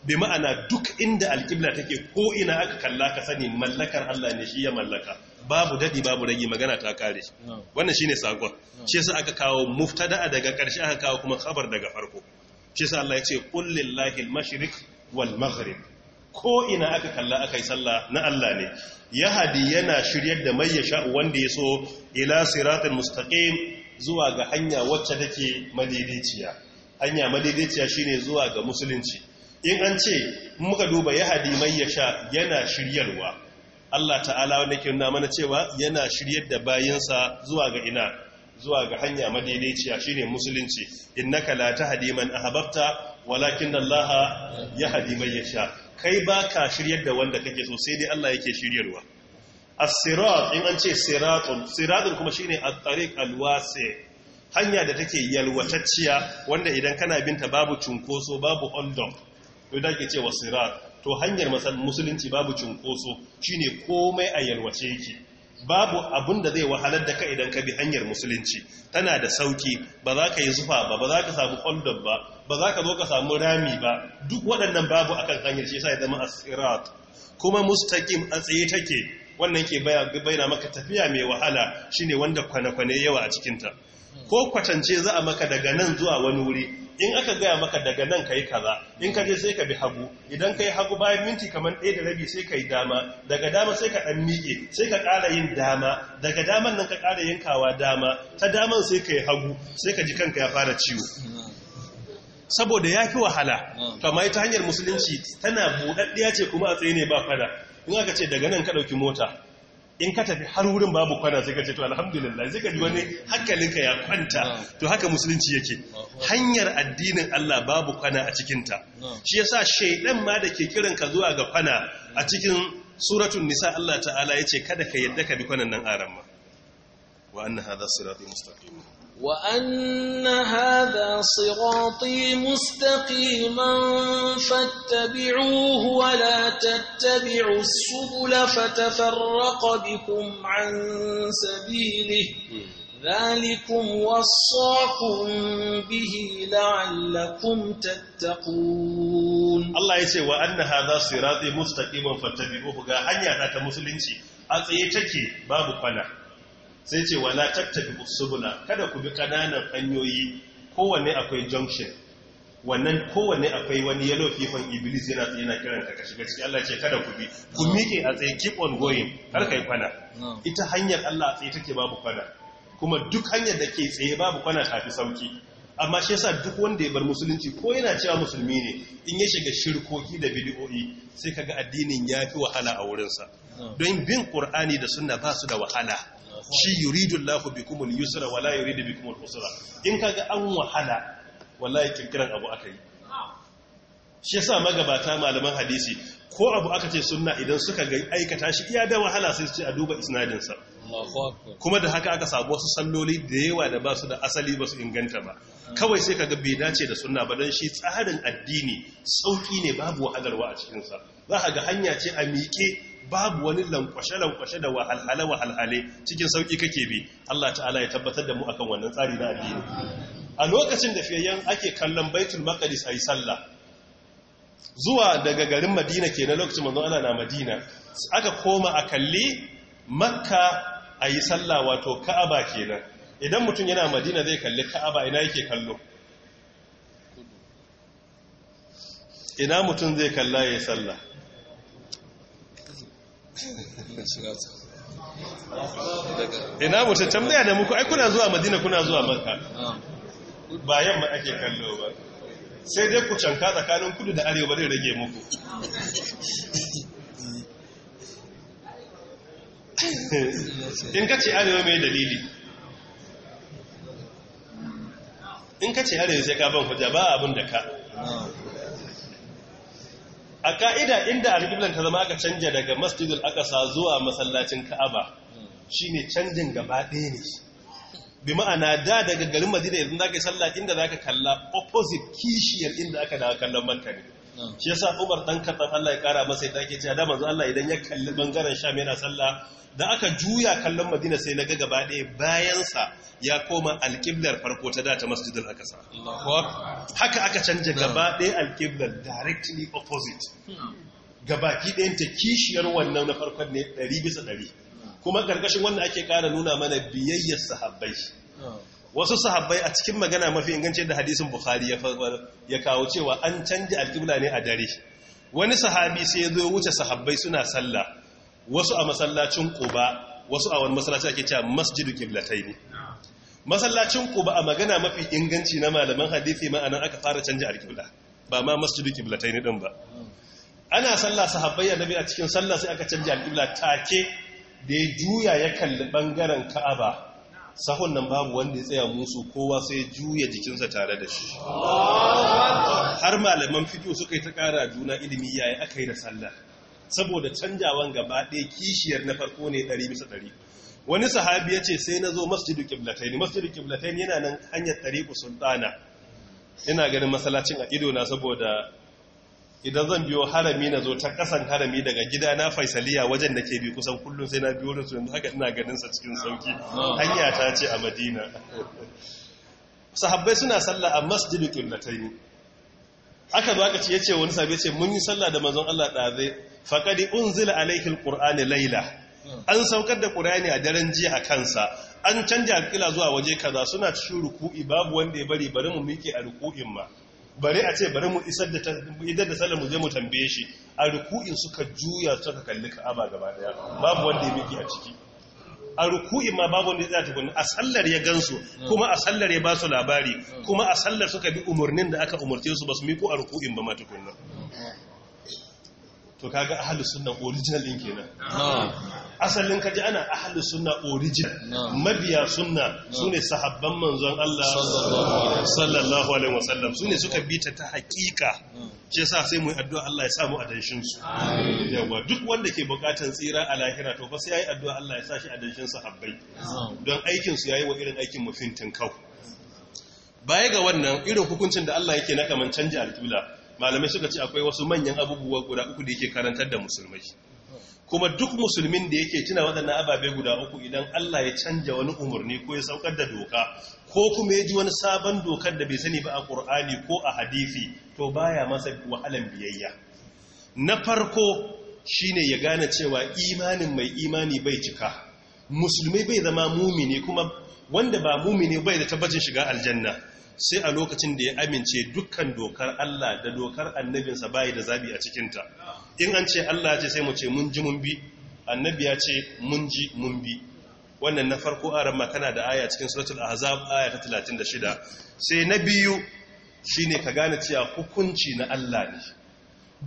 bi ma'ana duk inda alkibla take ko ina aka kalla ka sani mallakar Allah ne shi ya mallaka babu dadi babu rage magana ta kare wannan shine sakon shi yasa aka kawo muftada daga karshe aka kawo kuma khabar daga farko shi yasa Allah ya ce qul lillahi al-mashriq wal maghrib ko ina aka kalla aka yi sallah na Allah ne ya hadi yana shiryar da mai ya wanda ya so ila siratul mustaqim zuwa ga hanya wacce take madidiciya hanya madidiciya shine zuwa ga musulunci in an ce muka duba ya hadi mai ya yana shiryarwa Allah ta'ala wanda ke nuna mana cewa yana shiryar da bayinsa zuwa ga ina zuwa ga hanya madidiciya shine musulunci innaka la tahdi man ahbabta walakin Allah yahdi man yasha kai ba ka shiryar da wanda kake so sai dai Allah yake shiryarwa as-sirat in an ce siratun siratun kuma shine at-tariq al-wasi hanya da take yalwatacciya wanda idan kana binta babu cunkoso babu ondom to da ke cewa sirat to hanyar musulunci babu cunkoso shine komai a yalwace yake babu abun da zai wahalar da ka idan ka bi hanyar musulunci tana da sauki ba za ka yi zufa ba ba za ka samu ondom ba ba za ka zo ka samu rami ba duk waɗannan babu akan hanyar shi yasa ya zama asirat kuma mustaƙim a tsaye take wannan ke bayyana maka tafiya mai wahala Shi ne wanda kwane yawa a cikinta ko kwatance za a maka daga nan zuwa wani wuri in aka gaya maka daga nan ka yi kaza in ka je sai ka bi hagu idan ka yi hagu bayan minti kamar ɗaya da rabi sai ka yi dama daga dama sai ka ɗan miƙe sai ka ƙara yin dama daga daman nan ka ƙara yankawa dama ta daman sai ka yi hagu sai ka ji kanka ya fara ciwo saboda ya fi wahala kama hmm. ta hanyar musulunci tana buɗaɗɗiya ce kuma a tsaye ne ba fada in aka ce daga nan ka ɗauki mota in ka tafi har wurin babu kwana sai ka ce to alhamdulillah sai ka ji wani hankalinka ya kwanta hmm. to haka musulunci yake hmm. hanyar addinin Allah babu kwana a cikin ta shi yasa shaydan ma da ke kiran ka zuwa ga kwana a cikin suratun nisa Allah ta'ala yace kada ka yadda ka bi kwanan nan aran wa anna hadha siratul mustaqim وأن هذا صراطي مستقيما فاتبعوه ولا تتبعوا السبل فتفرق بكم عن سبيله ذلكم وصاكم به لعلكم تتقون الله يسي وأن هذا صراطي مستقيما فاتبعوه غا هنيا ذات مسلمين أتيتك باب قناه sai ce wala tattabi subula kada ku bi kananan hanyoyi kowanne akwai junction wannan kowanne akwai wani yellow fifan iblis yana tsaye na kiran ka shiga ciki Allah ce kada ku bi ku miƙe a tsaye keep on going har kai kwana ita hanyar Allah a tsaye take babu kwana kuma duk hanyar da ke tsaye babu kwana ta fi sauki amma shi yasa duk wanda ya bar musulunci ko yana cewa musulmi ne in ya shiga shirkoki da bid'o'i sai kaga addinin yafi wahala a wurin sa don bin qur'ani da sunna ba su da wahala shi lafi bi kuma yusra wala yuridu kuma usra in kaga an wahala wallahi kinkiran abu akai shi yasa magabata malaman hadisi ko abu aka ce sunna idan suka ga aikata shi iya da wahala sai su ce a duba isnadin sa kuma da haka aka samu wasu salloli da yawa da ba su da asali ba su inganta ba kawai sai kaga bai dace da sunna ba don shi tsarin addini sauki ne babu wahalarwa a cikinsa za ka ga hanya ce a miƙe babu wani lankwashe-lankwashe da wahalhale-wahalhale cikin sauƙi kake bi Allah ta'ala ya tabbatar da mu akan wannan tsari na addini a lokacin da fiyayyen ake kallon baitul maqdis ayi sallah zuwa daga garin madina ke na lokacin manzo ana na madina aka koma a kalli makka ayi sallah wato ka'aba kenan idan mutum yana madina zai kalli ka'aba ina yake kallo ina mutum zai kalla ya sallah ina mutu tambaya da muku ai kuna zuwa madina kuna zuwa maka ba yamma ake kallo ba sai dai ku canka tsakanin kudu da arewa zai rage muku (laughs) in ka ce arewa mai dalili in ka ce arewa sai ka ban hujja ba abin da ka a ka'ida inda alƙiblan ta zama aka canja daga masjidul aqsa zuwa masallacin ka'aba shi ne canjin gaba ɗaya ne bi ma'ana da daga garin madina yanzu zaka yi sallah inda zaka kalla opposite kishiyar inda aka dawo kallon makka shi yasa Umar dan Khattab Allah ya kara masa ita ake cewa da manzo Allah idan ya kalli bangaren Sham yana sallah da aka juya kallon Madina sai naga gaba ɗaya bayan sa ya koma alqiblar farko ta da ta Masjidil Aqsa haka aka canza gaba ɗaya alqiblar directly opposite gabaki ɗayan ta kishiyar wannan na farko ne 100 bisa 100 kuma karkashin wanda ake kara nuna mana biyayyar sahabbai wasu sahabbai a cikin magana mafi inganci da hadisin bukhari ya kawo cewa an canji alƙibla ne a dare wani sahabi sai ya zo wuce sahabbai suna sallah wasu a masallacin ƙoba wasu a wani masallaci ake cewa masjidu ne. masallacin ƙoba a magana mafi inganci na malaman hadisi ma aka fara canji alƙibla ba ma masjidu ne din ba ana sallah sahabbai annabi a cikin sallah sai aka canji alƙibla take da ya juya ya kalli bangaren ka'aba sahun nan babu wanda ya tsaya musu kowa sai juya jikinsa tare da shi har malaman fito suka yi ta kara juna ilimi yi aka yi da sallah saboda canjawan gaba ɗaya kishiyar na farko ne ɗari bisa wani sahabi ya ce sai na zo masjidu kiblatain masjidu kiblatain yana nan hanyar ɗari sultana ina ganin masalacin a idona saboda idan zan biyo harami na zo ta kasan harami daga gida na faisaliya wajen da ke bi kusan kullum sai na biyo da su yanzu haka ina ganin sa cikin sauki hanya ta ce a madina sahabbai suna sallah a masjidu qiblatain aka zo aka ce yace wani sahabi ce mun yi sallah da manzon Allah daze faqad unzila alayhi alqur'ani layla an saukar da qur'ani a daren jiya a kansa an canja alƙila zuwa waje kaza suna cikin ruku'i babu wanda ya bari bari mu miƙe a ruku'in ma bare a ce bari mu isar da idan da sallar mu zai mu tambaye shi a ruku'in suka juya suka kalli ka'aba gaba daya babu wanda ya miki a ciki a ruku'in ma babu wanda ya tsaya tukunna a sallar ya gansu kuma a sallar ya ba su labari kuma a sallar suka bi umarnin da aka umarce su ba su miko a ruku'in ba ma tukunna to kaga ahlus sunna original din kenan asalin kaji ana ahlus sunna original mabiya sunna sune sahabban manzon Allah sallallahu alaihi wasallam sune suka bita ta hakika shi yasa sai mu yi addu'a Allah ya sa mu adanshin su yawa duk wanda ke bukatan tsira a lahira to fa sai yi addu'a Allah ya sa shi adanshin sahabbai don aikinsu su yayi wa irin aikin mufintin kau baya ga wannan irin hukuncin da Allah yake na kaman canja alƙibla malamai suka ce akwai wasu manyan abubuwa guda uku da yake karantar da musulmai kuma duk musulmin da yake tuna waɗannan ababe guda uku idan Allah ya canja wani umarni ko ya saukar da doka ko kuma ya ji wani sabon dokar da bai sani ba a Kur'ani ko a hadisi to baya masa wahalan biyayya na farko shine ya gane cewa imanin mai imani bai cika musulmi bai zama mumini kuma wanda ba mumini bai da tabbacin shiga aljanna sai a lokacin da ya amince dukkan dokar Allah da dokar annabinsa bayi da zabi a cikinta in an ce Allah ce sai mu ce mun ji mun bi annabi ya ce mun ji mun bi wannan na farko a ran makana da aya cikin suratul ahzab aya ta 36 sai na biyu shine ka gane cewa hukunci na Allah ne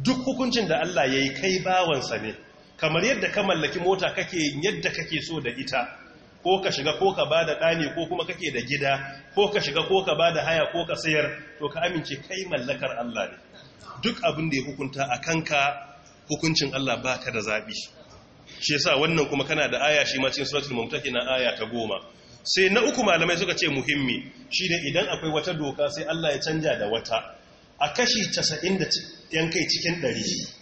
duk hukuncin da Allah yayi kai bawansa ne kamar yadda ka mallaki mota kake yadda kake so da ita ko ka shiga ko ka bada ɗani ko kuma kake da gida ko ka shiga ko ka bada haya ko ka sayar to ka amince kai mallakar Allah ne duk abin da ya hukunta a kanka hukuncin Allah baka da zabi shi yasa wannan kuma kana da aya shi ma cikin suratul mumtahina aya ta goma sai na uku malamai suka ce muhimmi shine idan akwai wata doka sai Allah ya canja da wata a kashi 90 da yankai cikin 100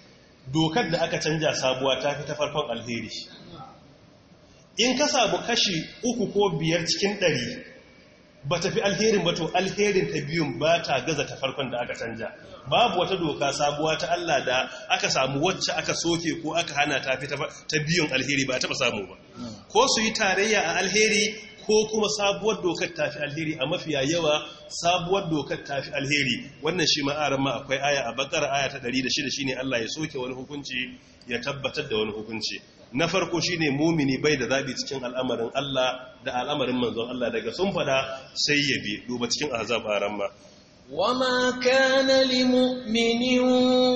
dokar da aka canja sabuwa ta fi ta farkon alheri in ka sabu kashi uku ko biyar cikin ɗari ba tafi alherin ba to alherin ta biyun ba ta gaza ta farkon da aka canja babu wata doka sabuwa ta Allah da aka samu wacce aka soke ko aka hana ta ta biyun alheri ba taɓa samu ba ko su yi tarayya a alheri ko kuma sabuwar dokar ta fi alheri a mafiya yawa sabuwar dokar ta fi alheri wannan shi ma'aran ma akwai aya a bakar aya ta ɗari da shida shine Allah ya soke wani hukunci ya tabbatar da wani hukunci na farko shi ne mumini bai da zaɓi cikin al’amarin Allah da al’amarin manzon Allah daga sun fada sai ya bi duba cikin azabaran ma. Wama kana li mu'mini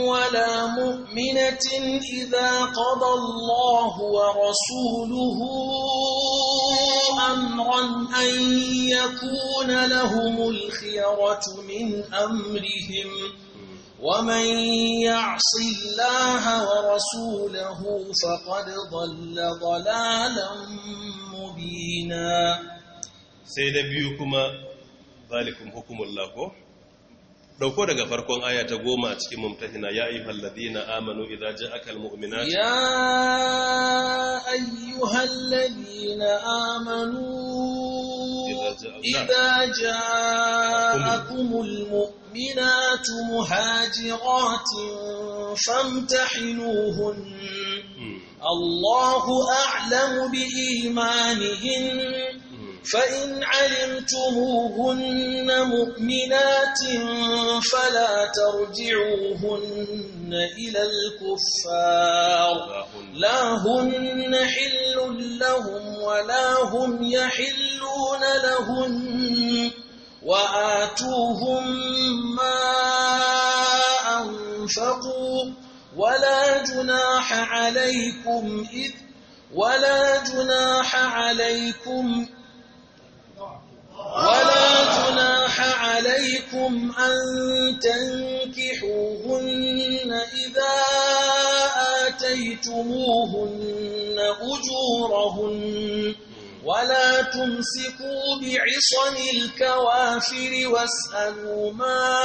wala mu'minatin iza qada Allah wa rasuluhu amran an yakuna lahumul khiyaratu min amrihim. ومن يعص الله ورسوله فقد ضل ضلالا مبينا سيدبيكما ذلكم حكم الله dauko daga farkon aya ta goma a cikin mumtahina ya ayyuhal ladina amanu idza ja'akal mu'minatu ya ayyuhal ladina amanu idza ja'akumul mu'minatu muhajiratin famtahinuhun hmm. Allahu a'lamu bi imanihin فإن علمتموهن مؤمنات فلا ترجعوهن إلى الكفار لا هن حل لهم ولا هم يحلون لهن وآتوهم ما أنفقوا ولا جناح عليكم إذ ولا جناح عليكم إذ ولا جناح عليكم أن تنكحوهن إذا آتيتموهن أجورهن ولا تمسكوا بعصم الكوافر واسألوا ما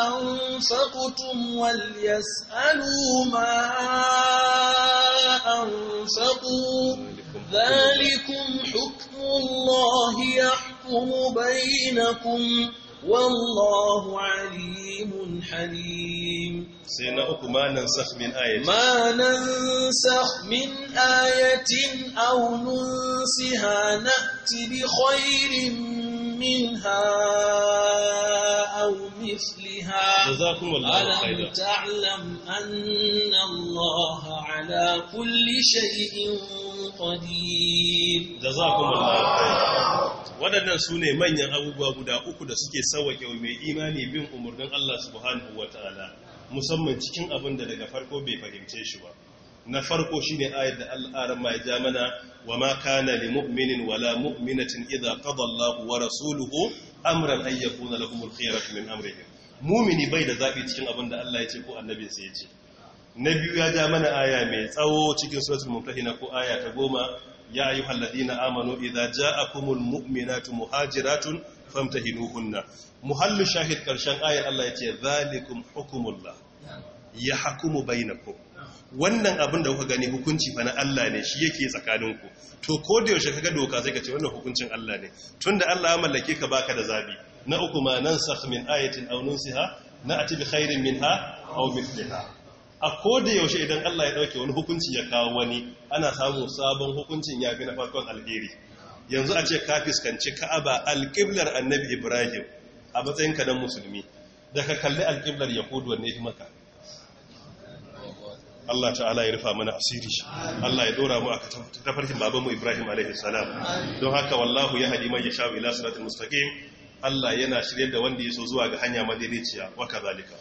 أنفقتم وليسألوا ما أنفقوا ذلكم حكم الله يحكم بينكم والله عليم حليم سينا ما ننسخ من آية ما ننسخ من آية أو ننسها نأتي بخير منها أو مثلها جزاكم الله خيرا ألم تعلم أن الله على كل شيء qadir jazakumullahu khair wadannan sune manyan abubuwa guda uku da suke sawake mai imani bin umurnin Allah subhanahu wataala musamman cikin abin da daga farko bai fahimce shi ba na farko shine ayar da al'aran mai ja mana wa ma kana li mu'minin wala mu'minatin idza qada Allahu wa rasuluhu amran ay yakuna lahumul khiyaratu min amrihim mu'mini bai da zabi cikin abin da Allah ya ce ko annabi sai ya ce na biyu ya ja mana aya mai tsawo cikin suratul mumtahina ko aya ta goma ya ayu halladina amanu idza ja'akumul mu'minatu muhajiratun famtahinuhunna muhallu shahid karshen ayar Allah yace zalikum hukumullah yahkumu bainakum wannan abin da kuka gani hukunci fa na Allah ne shi yake tsakaninku to ko da yaushe kaga doka sai ka ce wannan hukuncin Allah ne tunda Allah ya mallake ka baka da zabi na uku ma nansakh min ayatin aw nunsiha na'ti bi khairin minha aw mithliha a koda yaushe idan Allah ya dauke wani hukunci ya kawo wani ana samu sabon hukuncin ya fi na farkon alheri yanzu a ce ka fiskanci ka'aba alƙiblar annabi ibrahim a matsayin ka dan musulmi da ka kalli alƙiblar yahudu wanne ya maka Allah ta'ala ya rufa mana asiri Allah ya dora mu aka tafarkin babanmu Ibrahim alaihi salam don haka wallahu ya hadi man yasha ila siratal mustaqim Allah yana shirye da wanda ya so zuwa ga hanya madaidaiciya wa zalika.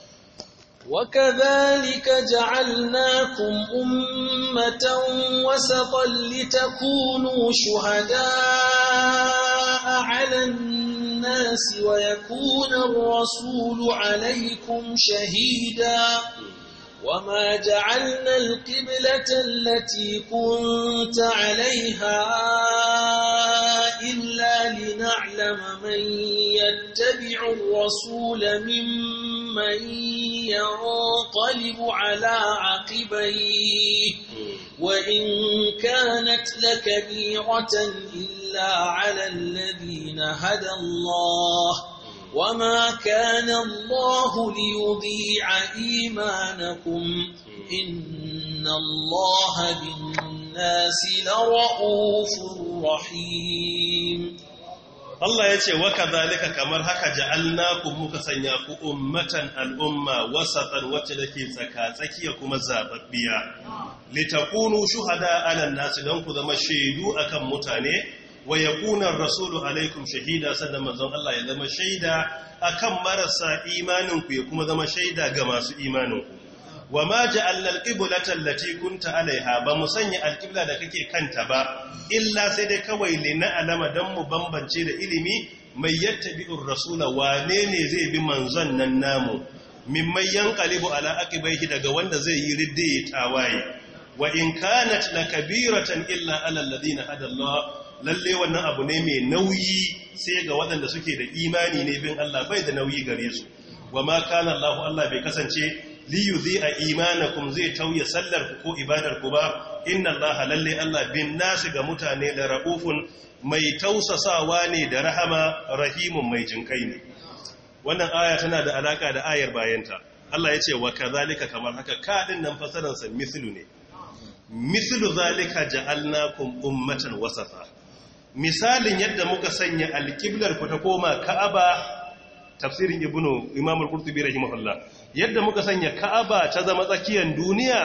وكذلك جعلناكم أمة وسطا لتكونوا شهداء على الناس ويكون الرسول عليكم شهيدا وما جعلنا القبلة التي كنت عليها إلا لنعلم من يتبع الرسول ممن ينقلب على عقبيه وإن كانت لكبيرة إلا على الذين هدى الله وما كان الله ليضيع إيمانكم إن الله بالناس لرؤوف رحيم Allah ya ce wa zalika kamar haka naku muka sanya ku ummatan al'umma wasatan wacce da ke tsaka tsakiya kuma zababbiya litakunu shuhada 'alan nasu dan ku zama shaidu akan mutane wa kunan rasulu alaikum shahida sannan mazan Allah ya zama shaida akan marasa imaninku ya kuma zama shaida ga masu imaninku. wa ma ja'alna al-qiblata allati kunta alaiha ba mu sanya al-qibla da kake kanta ba illa sai dai kawai lina alama dan mu bambance da ilimi mai yattabi'ur rasula wane ne zai bi manzon nan namu mimman yanqalibu ala aqibaihi daga wanda zai yi riddi tawaye wa in kanat lakabiratan illa ala alladhina hada Allah lalle wannan abu ne mai nauyi sai ga waɗanda suke da imani ne bin Allah bai da nauyi gare su wa ma kana Allah Allah bai kasance liyuzi a imanakum zai tauye sallar ku ko ibadar ku ba inna allaha lalle allah bin nasu ga mutane da ra'ufun mai tausasawa ne da rahama rahimun mai jinkai ne wannan aya tana da alaka da ayar bayanta allah ya ce wa kazalika kamar haka kaɗin nan fasaransa mislu ne mislu zalika ja'alnakum ummatan wasafa misalin yadda muka sanya alƙiblar ku ta koma ka'aba tafsirin ibnu imamul qurtubi rahimahullah yadda muka sanya ka'aba ta zama tsakiyar duniya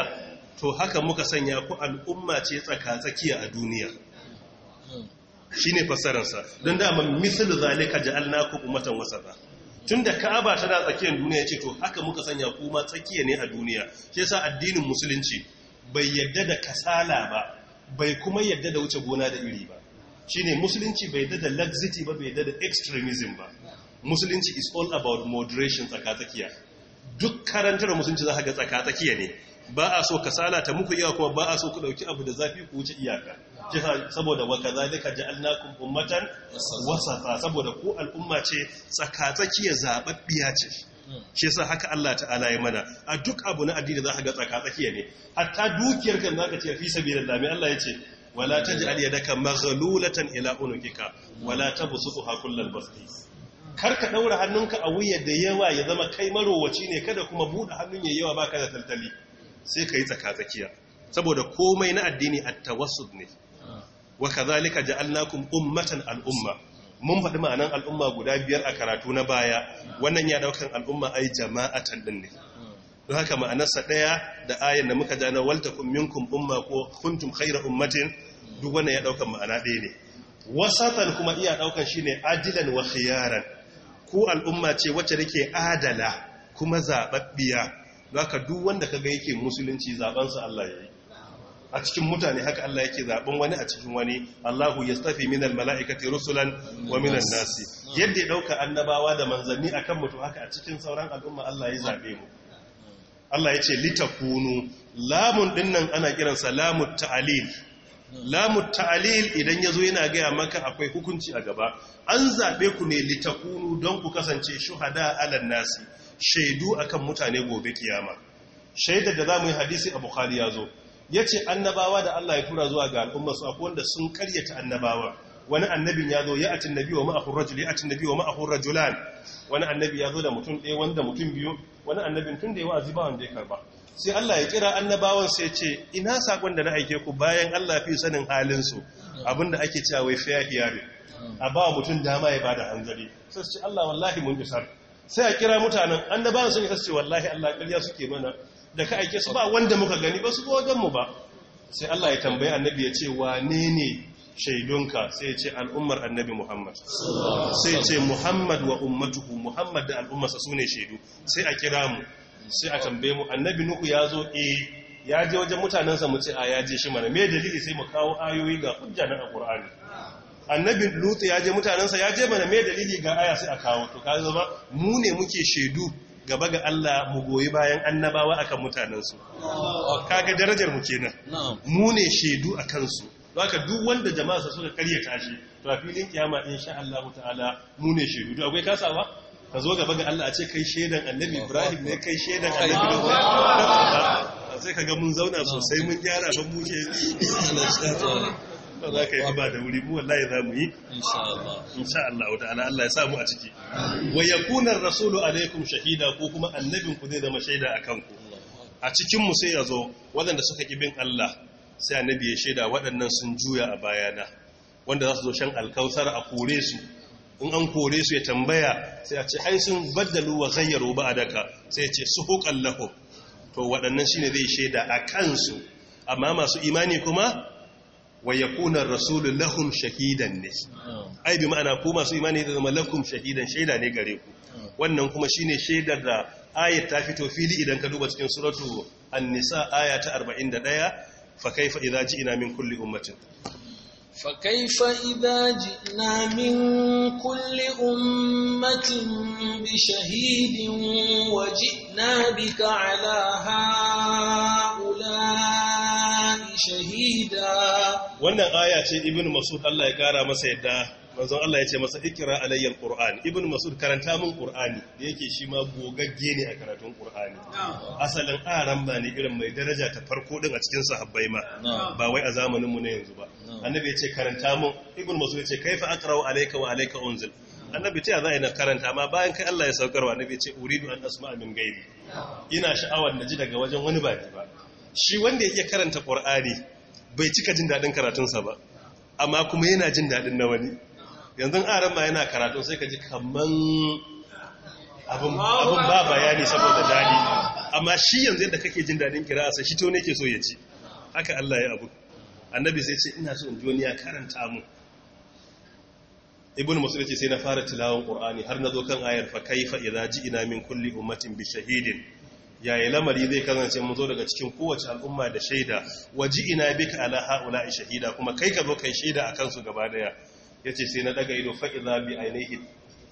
to haka muka sanya ku al'umma ce tsaka-tsakiya a duniya shi ne fassararsa don dama misal zalika ja'alna ku umatan ba tun da ka'aba tana tsakiyar duniya ce to haka muka sanya kuma tsakiya ne a duniya shi yasa addinin musulunci bai yadda da kasala ba bai kuma yadda da wuce gona da iri ba shine musulunci bai yadda da laxity ba bai yadda da extremism ba musulunci is all about moderation tsaka-tsakiya duk karantar musulunci za ga tsaka tsakiya ne ba a so kasala ta muku iya kuma ba a so ku dauki abu da zafi ku wuce iyaka saboda wa kazalika ja'alnakum ummatan wasata saboda ku al'umma ce tsakatsakiya tsakiya zababbiya ce shi yasa haka Allah ta'ala ya mana a duk abu na addini za ka ga tsaka tsakiya ne hatta dukiyar kan zaka ce fi sabilillah mai Allah ya ce wala taj'al yadaka maghlulatan ila unukika wala tabsutuha kullal basti kar ka ɗaura hannunka a wuya da yawa ya zama kai marowaci ne kada kuma buɗe hannun ya yawa baka da taltali sai ka yi tsakatsakiya saboda komai na addini a tawassut ne wa ji ja'alnakum ummatan al'umma, mun faɗi ma'anan al'umma guda biyar a karatu na baya wannan ya daukan al'umma ai jama'atan din ne don haka ma'anarsa ɗaya da ayan da muka jana waltakum minkum umma ko kuntum khayra ummatin duk wannan ya daukan ma'ana ɗaya ne wasatan kuma iya daukan shine ajilan wa khiyaran ku al'umma ce wacce take adala kuma zababbiya zaka duk wanda ka ga yake musulunci zaɓansa sa Allah yayi a cikin mutane haka Allah yake zaben wani a cikin wani Allahu yastafi minal mala'ikati rusulan wa minan nasi yadda ya ɗauka annabawa da manzanni akan mutu haka a cikin sauran al'umma Allah ya zabe mu Allah ya ce litakunu lamun dinnan ana kiransa lamut ta'alil lamu ta'alil idan ya zo yana gaya maka akwai hukunci a gaba an zaɓe ku ne litakunu don ku kasance shuhada alan nasi shaidu a kan mutane gobe kiyama shaidar da za mu yi hadisi a bukhari ya zo ya ce annabawa da allah ya tura zuwa ga al'umma su akwai wanda sun karyata annabawa wani annabin ya zo ya a nabi wa ma'ahun ya wa ma'ahun rajulan wani annabi ya zo da mutum ɗaya wanda mutum biyu wani annabin tun da ya wa'azi ba wanda ya karba sai Allah ya kira annabawan sai ce ina sakon da na aike ku bayan Allah fi sanin halinsu abinda ake cewa wai fair hearing a ba mutum dama ya bada hanzari sai su ce Allah wallahi mun isar sai a kira mutanen annabawan sun isa wallahi Allah kariya suke mana da ka aike su ba wanda muka gani ba su wajen mu ba sai Allah ya tambaye annabi ya ce wane ne shaidunka sai ya ce al'ummar annabi Muhammad sai ya ce Muhammad wa ummatuhu Muhammad da al'ummarsa su ne shaidu sai a kira mu sai a tambaye mu annabi nuhu ya zo e, ya je wajen mutanensa mu ce a ya je shi mana me dalili sai mu kawo ayoyi ga hujja na alqur'ani annabi lutu ya je mutanensa ya je mana me dalili ga aya sai a kawo to kaga zama mu ne muke shaidu gaba ga Allah mu goyi bayan annabawa akan mutanensu kaga darajar mu kenan mu ne shaidu akan su haka duk wanda jama'a suka karyata shi to a filin kiyama insha Allah ta'ala mu ne shaidu akwai kasawa ka zo gaba ga Allah a ce kai shedan annabi Ibrahim ne kai shedan annabi sai ka ga mun zauna sosai mun gyara ban bushe ba za ka yi ba da wuri mu wallahi za mu yi insha Allah Allah ya mu a ciki wa yakuna rasulu alaikum shahida ko kuma annabin ku zai zama shaida akan ku a cikin mu sai ya zo waɗanda suka ki bin Allah sai annabi ya shaida waɗannan sun juya a bayana wanda za su zo shan alkausar a kore su in an kore su ya tambaya sai a ce ai sun baddalu wa a daka sai ce ce suhuqan lahu to waɗannan shi ne zai shaida a kansu amma masu imani kuma wa kunan rasulun lahun shahidan ne ai bi ma'ana ko masu imani da zama lakum shahidan shaida ne gare ku wannan kuma shi ne shaidar da ayat ta fito fili idan ka duba cikin suratu an-nisa aya ta 41 fa kaifa idza ina min kulli ummatin فكيف إذا جئنا من كل أمة بشهيد وجئنا بك على هؤلاء shahida wannan aya ce ibn mas'ud Allah ya kara masa yadda manzon Allah ya ce masa ikra alayya alquran ibn mas'ud karanta min qur'ani da yake shi ma gogagge ne a karatun qur'ani asalin aran ba ne irin mai daraja ta farko din a cikin sahabbai ma ba wai a zamanin mu ne yanzu ba annabi ya ce karanta min ibn mas'ud ya ce kaifa aqra'u alayka wa alayka unzil annabi ce za a yi na karanta ma bayan kai Allah ya saukarwa annabi ce uridu an asma'a min gairi ina sha'awar na ji daga wajen wani baki ba shi wanda ya iya karanta ƙur'ani bai cika jin daɗin karatunsa ba amma kuma yana jin daɗin na wani yanzu aran ma yana karatun sai ka ji kamar abin ba bayani saboda daɗi amma shi yanzu yadda kake jin daɗin kira shi to tone ke so ya ci haka Allah ya abu annabi sai ce ina so in ya karanta mu ibn musul ce sai na fara tilawon qur'ani har na zo kan ayar fa fa'ira ji, ina min kulli ummatin bi shahidin yaya lamari zai kasance mu zo daga cikin kowace al'umma da shaida waji ina bika ala haula shahida kuma kai ka zo kai shaida akan su gaba daya yace sai na daga ido fa iza bi ainihi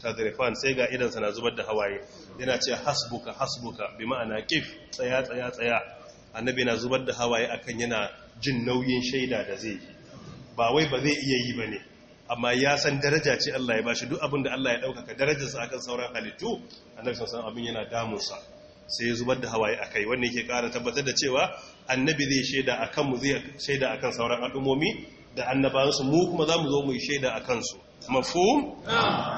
tazrifan sai ga idan sa na zubar da hawaye yana ce hasbuka hasbuka bi ma'ana kif tsaya tsaya tsaya annabi na zubar da hawaye akan yana jin nauyin shaida da zai yi ba wai ba zai iya yi bane amma ya san daraja ce Allah ya bashi duk abin da Allah ya dauka darajarsa akan sauran halittu annabi sallallahu alaihi wasallam abin yana damunsa sai zubar da hawaye akai wanda yake kara tabbatar da cewa annabi zai shaida akan mu zai sheda akan sauran al'ummomi da su mu kuma zamu zo mu yi shaida a kansu mafhum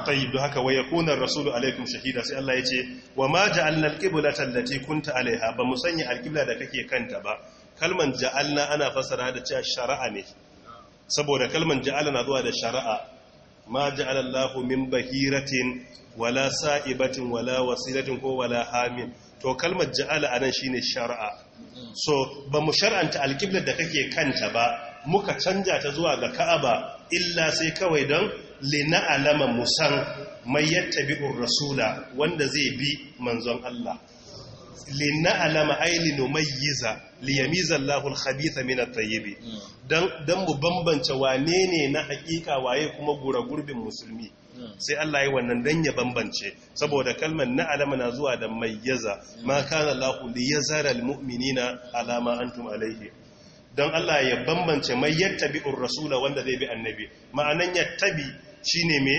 tayyib haka wa yakuna rasulu alaikum shahida sai Allah ce wa ma ja'alna al-qiblata allati kunta alaiha ba mu sanya al-qibla da kake kanta ba kalman ja'alna ana fasara da cewa shari'a ne saboda kalman ja'ala na zuwa da shari'a ma ja'alallahu min bahiratin wala sa'ibatin wala wasilatin ko wala hamin to kalmar ja'ala shi ne shara'a so ba mu shar'anta alqiblar da kake kanta ba muka canja ta zuwa ga ka'aba illa sai kawai don lina alama musan mai yattabi'ur rasula wanda zai bi manzon Allah lina alama ailinu mayyiza liyamiza Allahul khabitha min at-tayyib hmm. dan mu bambanta wane ne na hakika waye kuma gura gurbin musulmi sai Allah ya wannan dan ya bambance saboda kalmar na alama na zuwa da yaza ma kana lahu li yazara almu'minina ala ma antum alayhi dan Allah ya bambance mai yattabi'ur rasula wanda zai bi annabi ma'anan yattabi shine me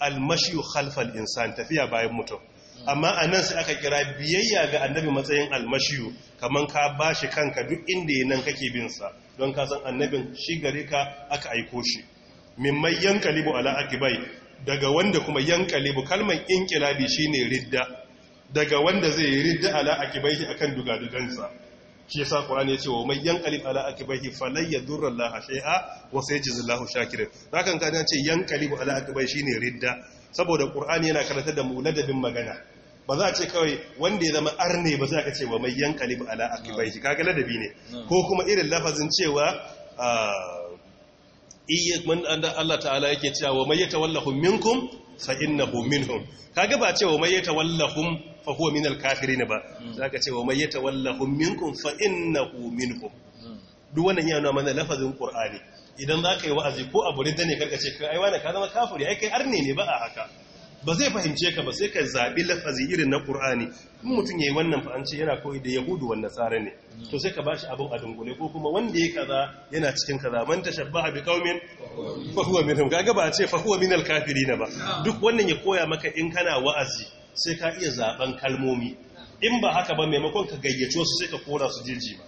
almashyu khalfal insan tafiya bayan mutum amma anan sai aka kira biyayya ga annabi matsayin almashiyu kamar ka bashi kanka duk inda nan kake bin sa don ka san annabin shi gare ka aka aiko shi mimman yankalibu ala akibai daga wanda kuma yankalibu kalmar inkilabi shine ridda daga wanda zai yi ridda ala akibaihi akan dugadugansa shi yasa qur'ani ce wa mai yanqalib ala akibaihi falan yadurra allaha shay'a wa sayajzillahu shakirin kan ka ce bu ala shi shine ridda saboda qur'ani yana karanta da mu ladabin magana ba za a ce kawai wanda ya zama arne ba za ka ce wa mai bu ala akibaihi kaga ladabi ne hmm. ko kuma irin lafazin cewa ah, da Allah ta'ala yake cewa wa mai yatawallahum minkum fa innahu minhum kaga ba cewa mai yatawallahum fa huwa minal kafirin ba hmm. zaka cewa mai yatawallahum minkum fa innahu minhum duk wannan yana mana lafazin qur'ani idan zaka yi wa'azi ko abu da ne karka ce kai ai wani ka zama kafiri ai kai arne ne ba a haka ba zai fahimce ka ba sai ka zaɓi lafazi irin na ƙur'ani in mutum ya yi wannan fa'ance yana koyi da yahudu wannan tsara ne to sai ka ba shi abin a dungule ko kuma wanda ya kaza yana cikin kaza man ta shabba bi kaumin fahuwa min hum kaga ba a ce fahuwa min alkafiri na ba duk wannan ya koya maka in kana wa'azi sai ka iya zaban kalmomi in ba haka ba maimakon ka gayyace su sai ka kora su jirji ba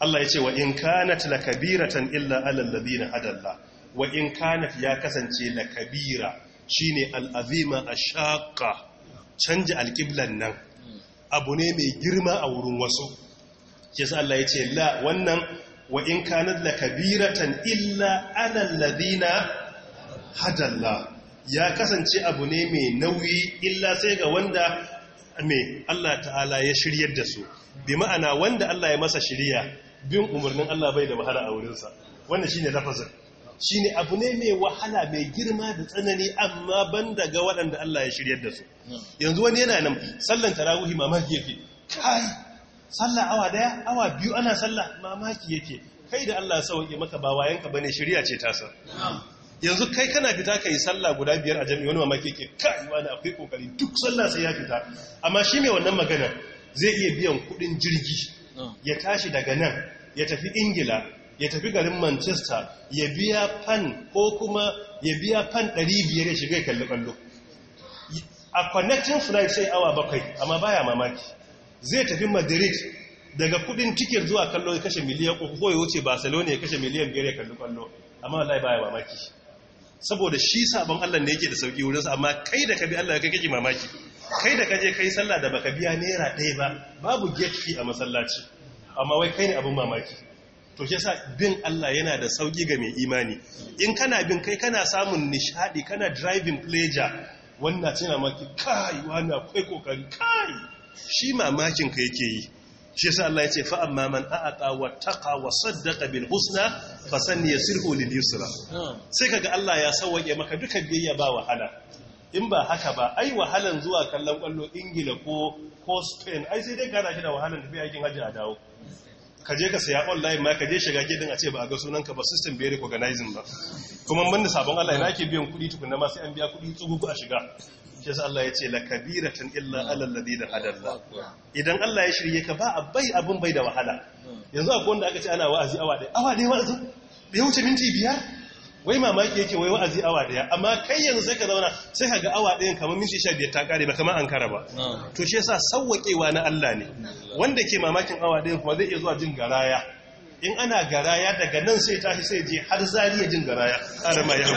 Allah ya ce wa in kanat lakabiratan illa alal ladina hadalla wa in kanat ya kasance Kabira. Shi ne al'azima a shaƙa canja alƙiblan nan abu ne mai girma a wurin wasu ke sa Allah ya ce la wannan wa in kanar da kabiratan illa alalladina hadalla ya kasance abu ne mai nauyi illa sai ga wanda mai Allah ta'ala ya shiryar da su bi ma'ana wanda Allah ya masa shirya bin umarnin Allah bai da wahala a wurinsa wannan shine lafazin shi ne abu ne mai wahala mai girma da tsanani amma ban daga waɗanda Allah ya shirya da su yanzu wani yana nan sallan tarawihi mamaki yake kai sallah awa daya awa biyu ana sallah mamaki yake kai da Allah sauke maka ba wayanka bane shirya ce ta san yanzu kai kana fita ka yi sallah guda biyar a jami'a wani mamaki yake kai wani akwai kokari duk sallah sai ya fita amma shi mai wannan magana zai iya biyan kuɗin jirgi ya tashi daga nan ya tafi ingila ya tafi garin manchester ya biya fan ko kuma ya biya fan 500 ya shiga ya kalli kwallo a connecting flight sai awa bakwai amma baya mamaki zai tafi madrid daga kudin tiket zuwa kallo ya kashe miliyan uku ko ya wuce barcelona ya kashe miliyan biyar ya kalli kwallo amma wallahi baya mamaki saboda shi sabon allah ne yake da sauki sa, amma kai da ka bi allah kai kake mamaki kai da kaje kai sallah da baka biya naira ɗaya ba babu gate fee a masallaci amma wai kai ne abin mamaki to shi yasa bin Allah yana da sauki ga mai imani in kana bin kai kana samun nishadi kana driving pleasure wannan tana maki kai wannan akwai kokari kai shi mamakin ka yake yi shi yasa Allah ya ce fa amma man a'ata wa taqa wa saddaqa bil husna fa ya yasirhu lil yusra hmm. sai kaga Allah ya sauke maka duka ya ba wahala in ba haka ba ai wahalan zuwa kallon kwallo Ingila ko ko Spain ai sai dai gara shi da wahalan tafiya yakin hajji a dawo ka je ka saya online ma ka je shiga gidan a ce ba a ga sunanka ba system be recognizing ba kuma mun da sabon Allah ina ke biyan kuɗi tukunna ma sai an biya kuɗi tsugugu a shiga shi yasa Allah ya ce la kabiratan illa alal ladina hadalla idan Allah ya shirye ka ba bai abun bai da wahala yanzu akwai wanda aka ce ana wa'azi awa ɗaya awa dai wa'azi bai wuce minti biyar wai mamaki yake wai wa'azi awa daya amma kai yanzu sai ka zauna sai ka ga awa dayan kamar minti 15 ta kare ba kamar an kara ba to shi yasa sawwakewa na Allah ne wanda ke mamakin awa dayan kuma zai iya zuwa jin garaya in ana garaya daga nan sai tashi sai je har zariya jin garaya har ma yau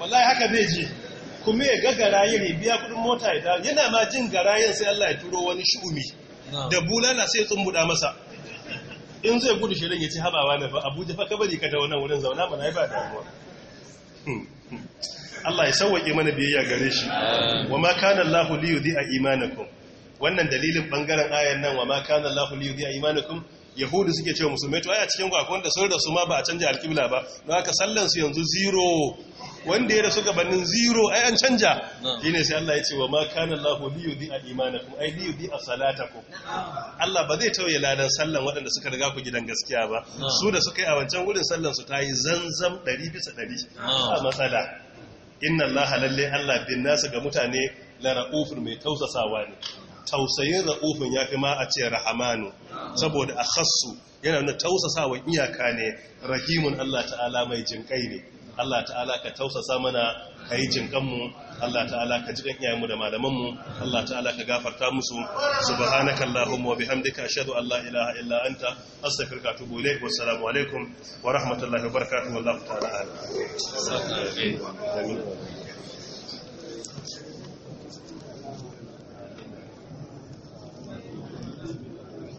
wallahi haka zai je kuma ya ga garayen ya biya kudin mota ya dawo yana ma jin garayen sai Allah ya turo wani shu'umi da bulala sai ya tsumbuda masa in zai gudu shirin ya ci habawa na fa abuja fa bari ka da wannan wurin zauna ba na ba damuwa hmm, hmm. Allah ya sauwaƙe mana biyayya gare shi wa ma kana Allahu li yudhi'a imanakum wannan dalilin bangaren ayan nan wa ma kana Allahu li yudhi'a imanakum yahudu suke cewa musulmai to aya cikin gwakon da sun rasu ma ba a canja alƙibla ba Na haka sallan su yanzu zero wanda ya rasu gabanin zero ai an canja shine sai Allah ya ce wa ma kana Allahu li yudi imanakum ai li yudi salatakum Allah ba zai tauye ladan sallan waɗanda suka riga ku gidan gaskiya ba su da suka yi a wancan wurin sallan su yi zanzam ɗari bisa ɗari. a matsala inna Allah lalle Allah bin nasu ga mutane la ra'ufur mai tausasawa ne tausayin ra'ufin ya fi ma a ce rahamanu saboda a khassu yana nuna tausasawa iyaka ne rahimun Allah ta'ala mai jinkai ne Allah ta'ala ka tausasa mana ka yi jinkanmu Allah ta'ala ka jikan iyayenmu da malamanmu Allah ta'ala ka gafarta musu subhanaka allahumma wa bihamdika ashhadu an la ilaha illa anta astaghfiruka wa atubu ilayk wa assalamu alaikum wa rahmatullahi wa barakatuh wallahu ta'ala a'lam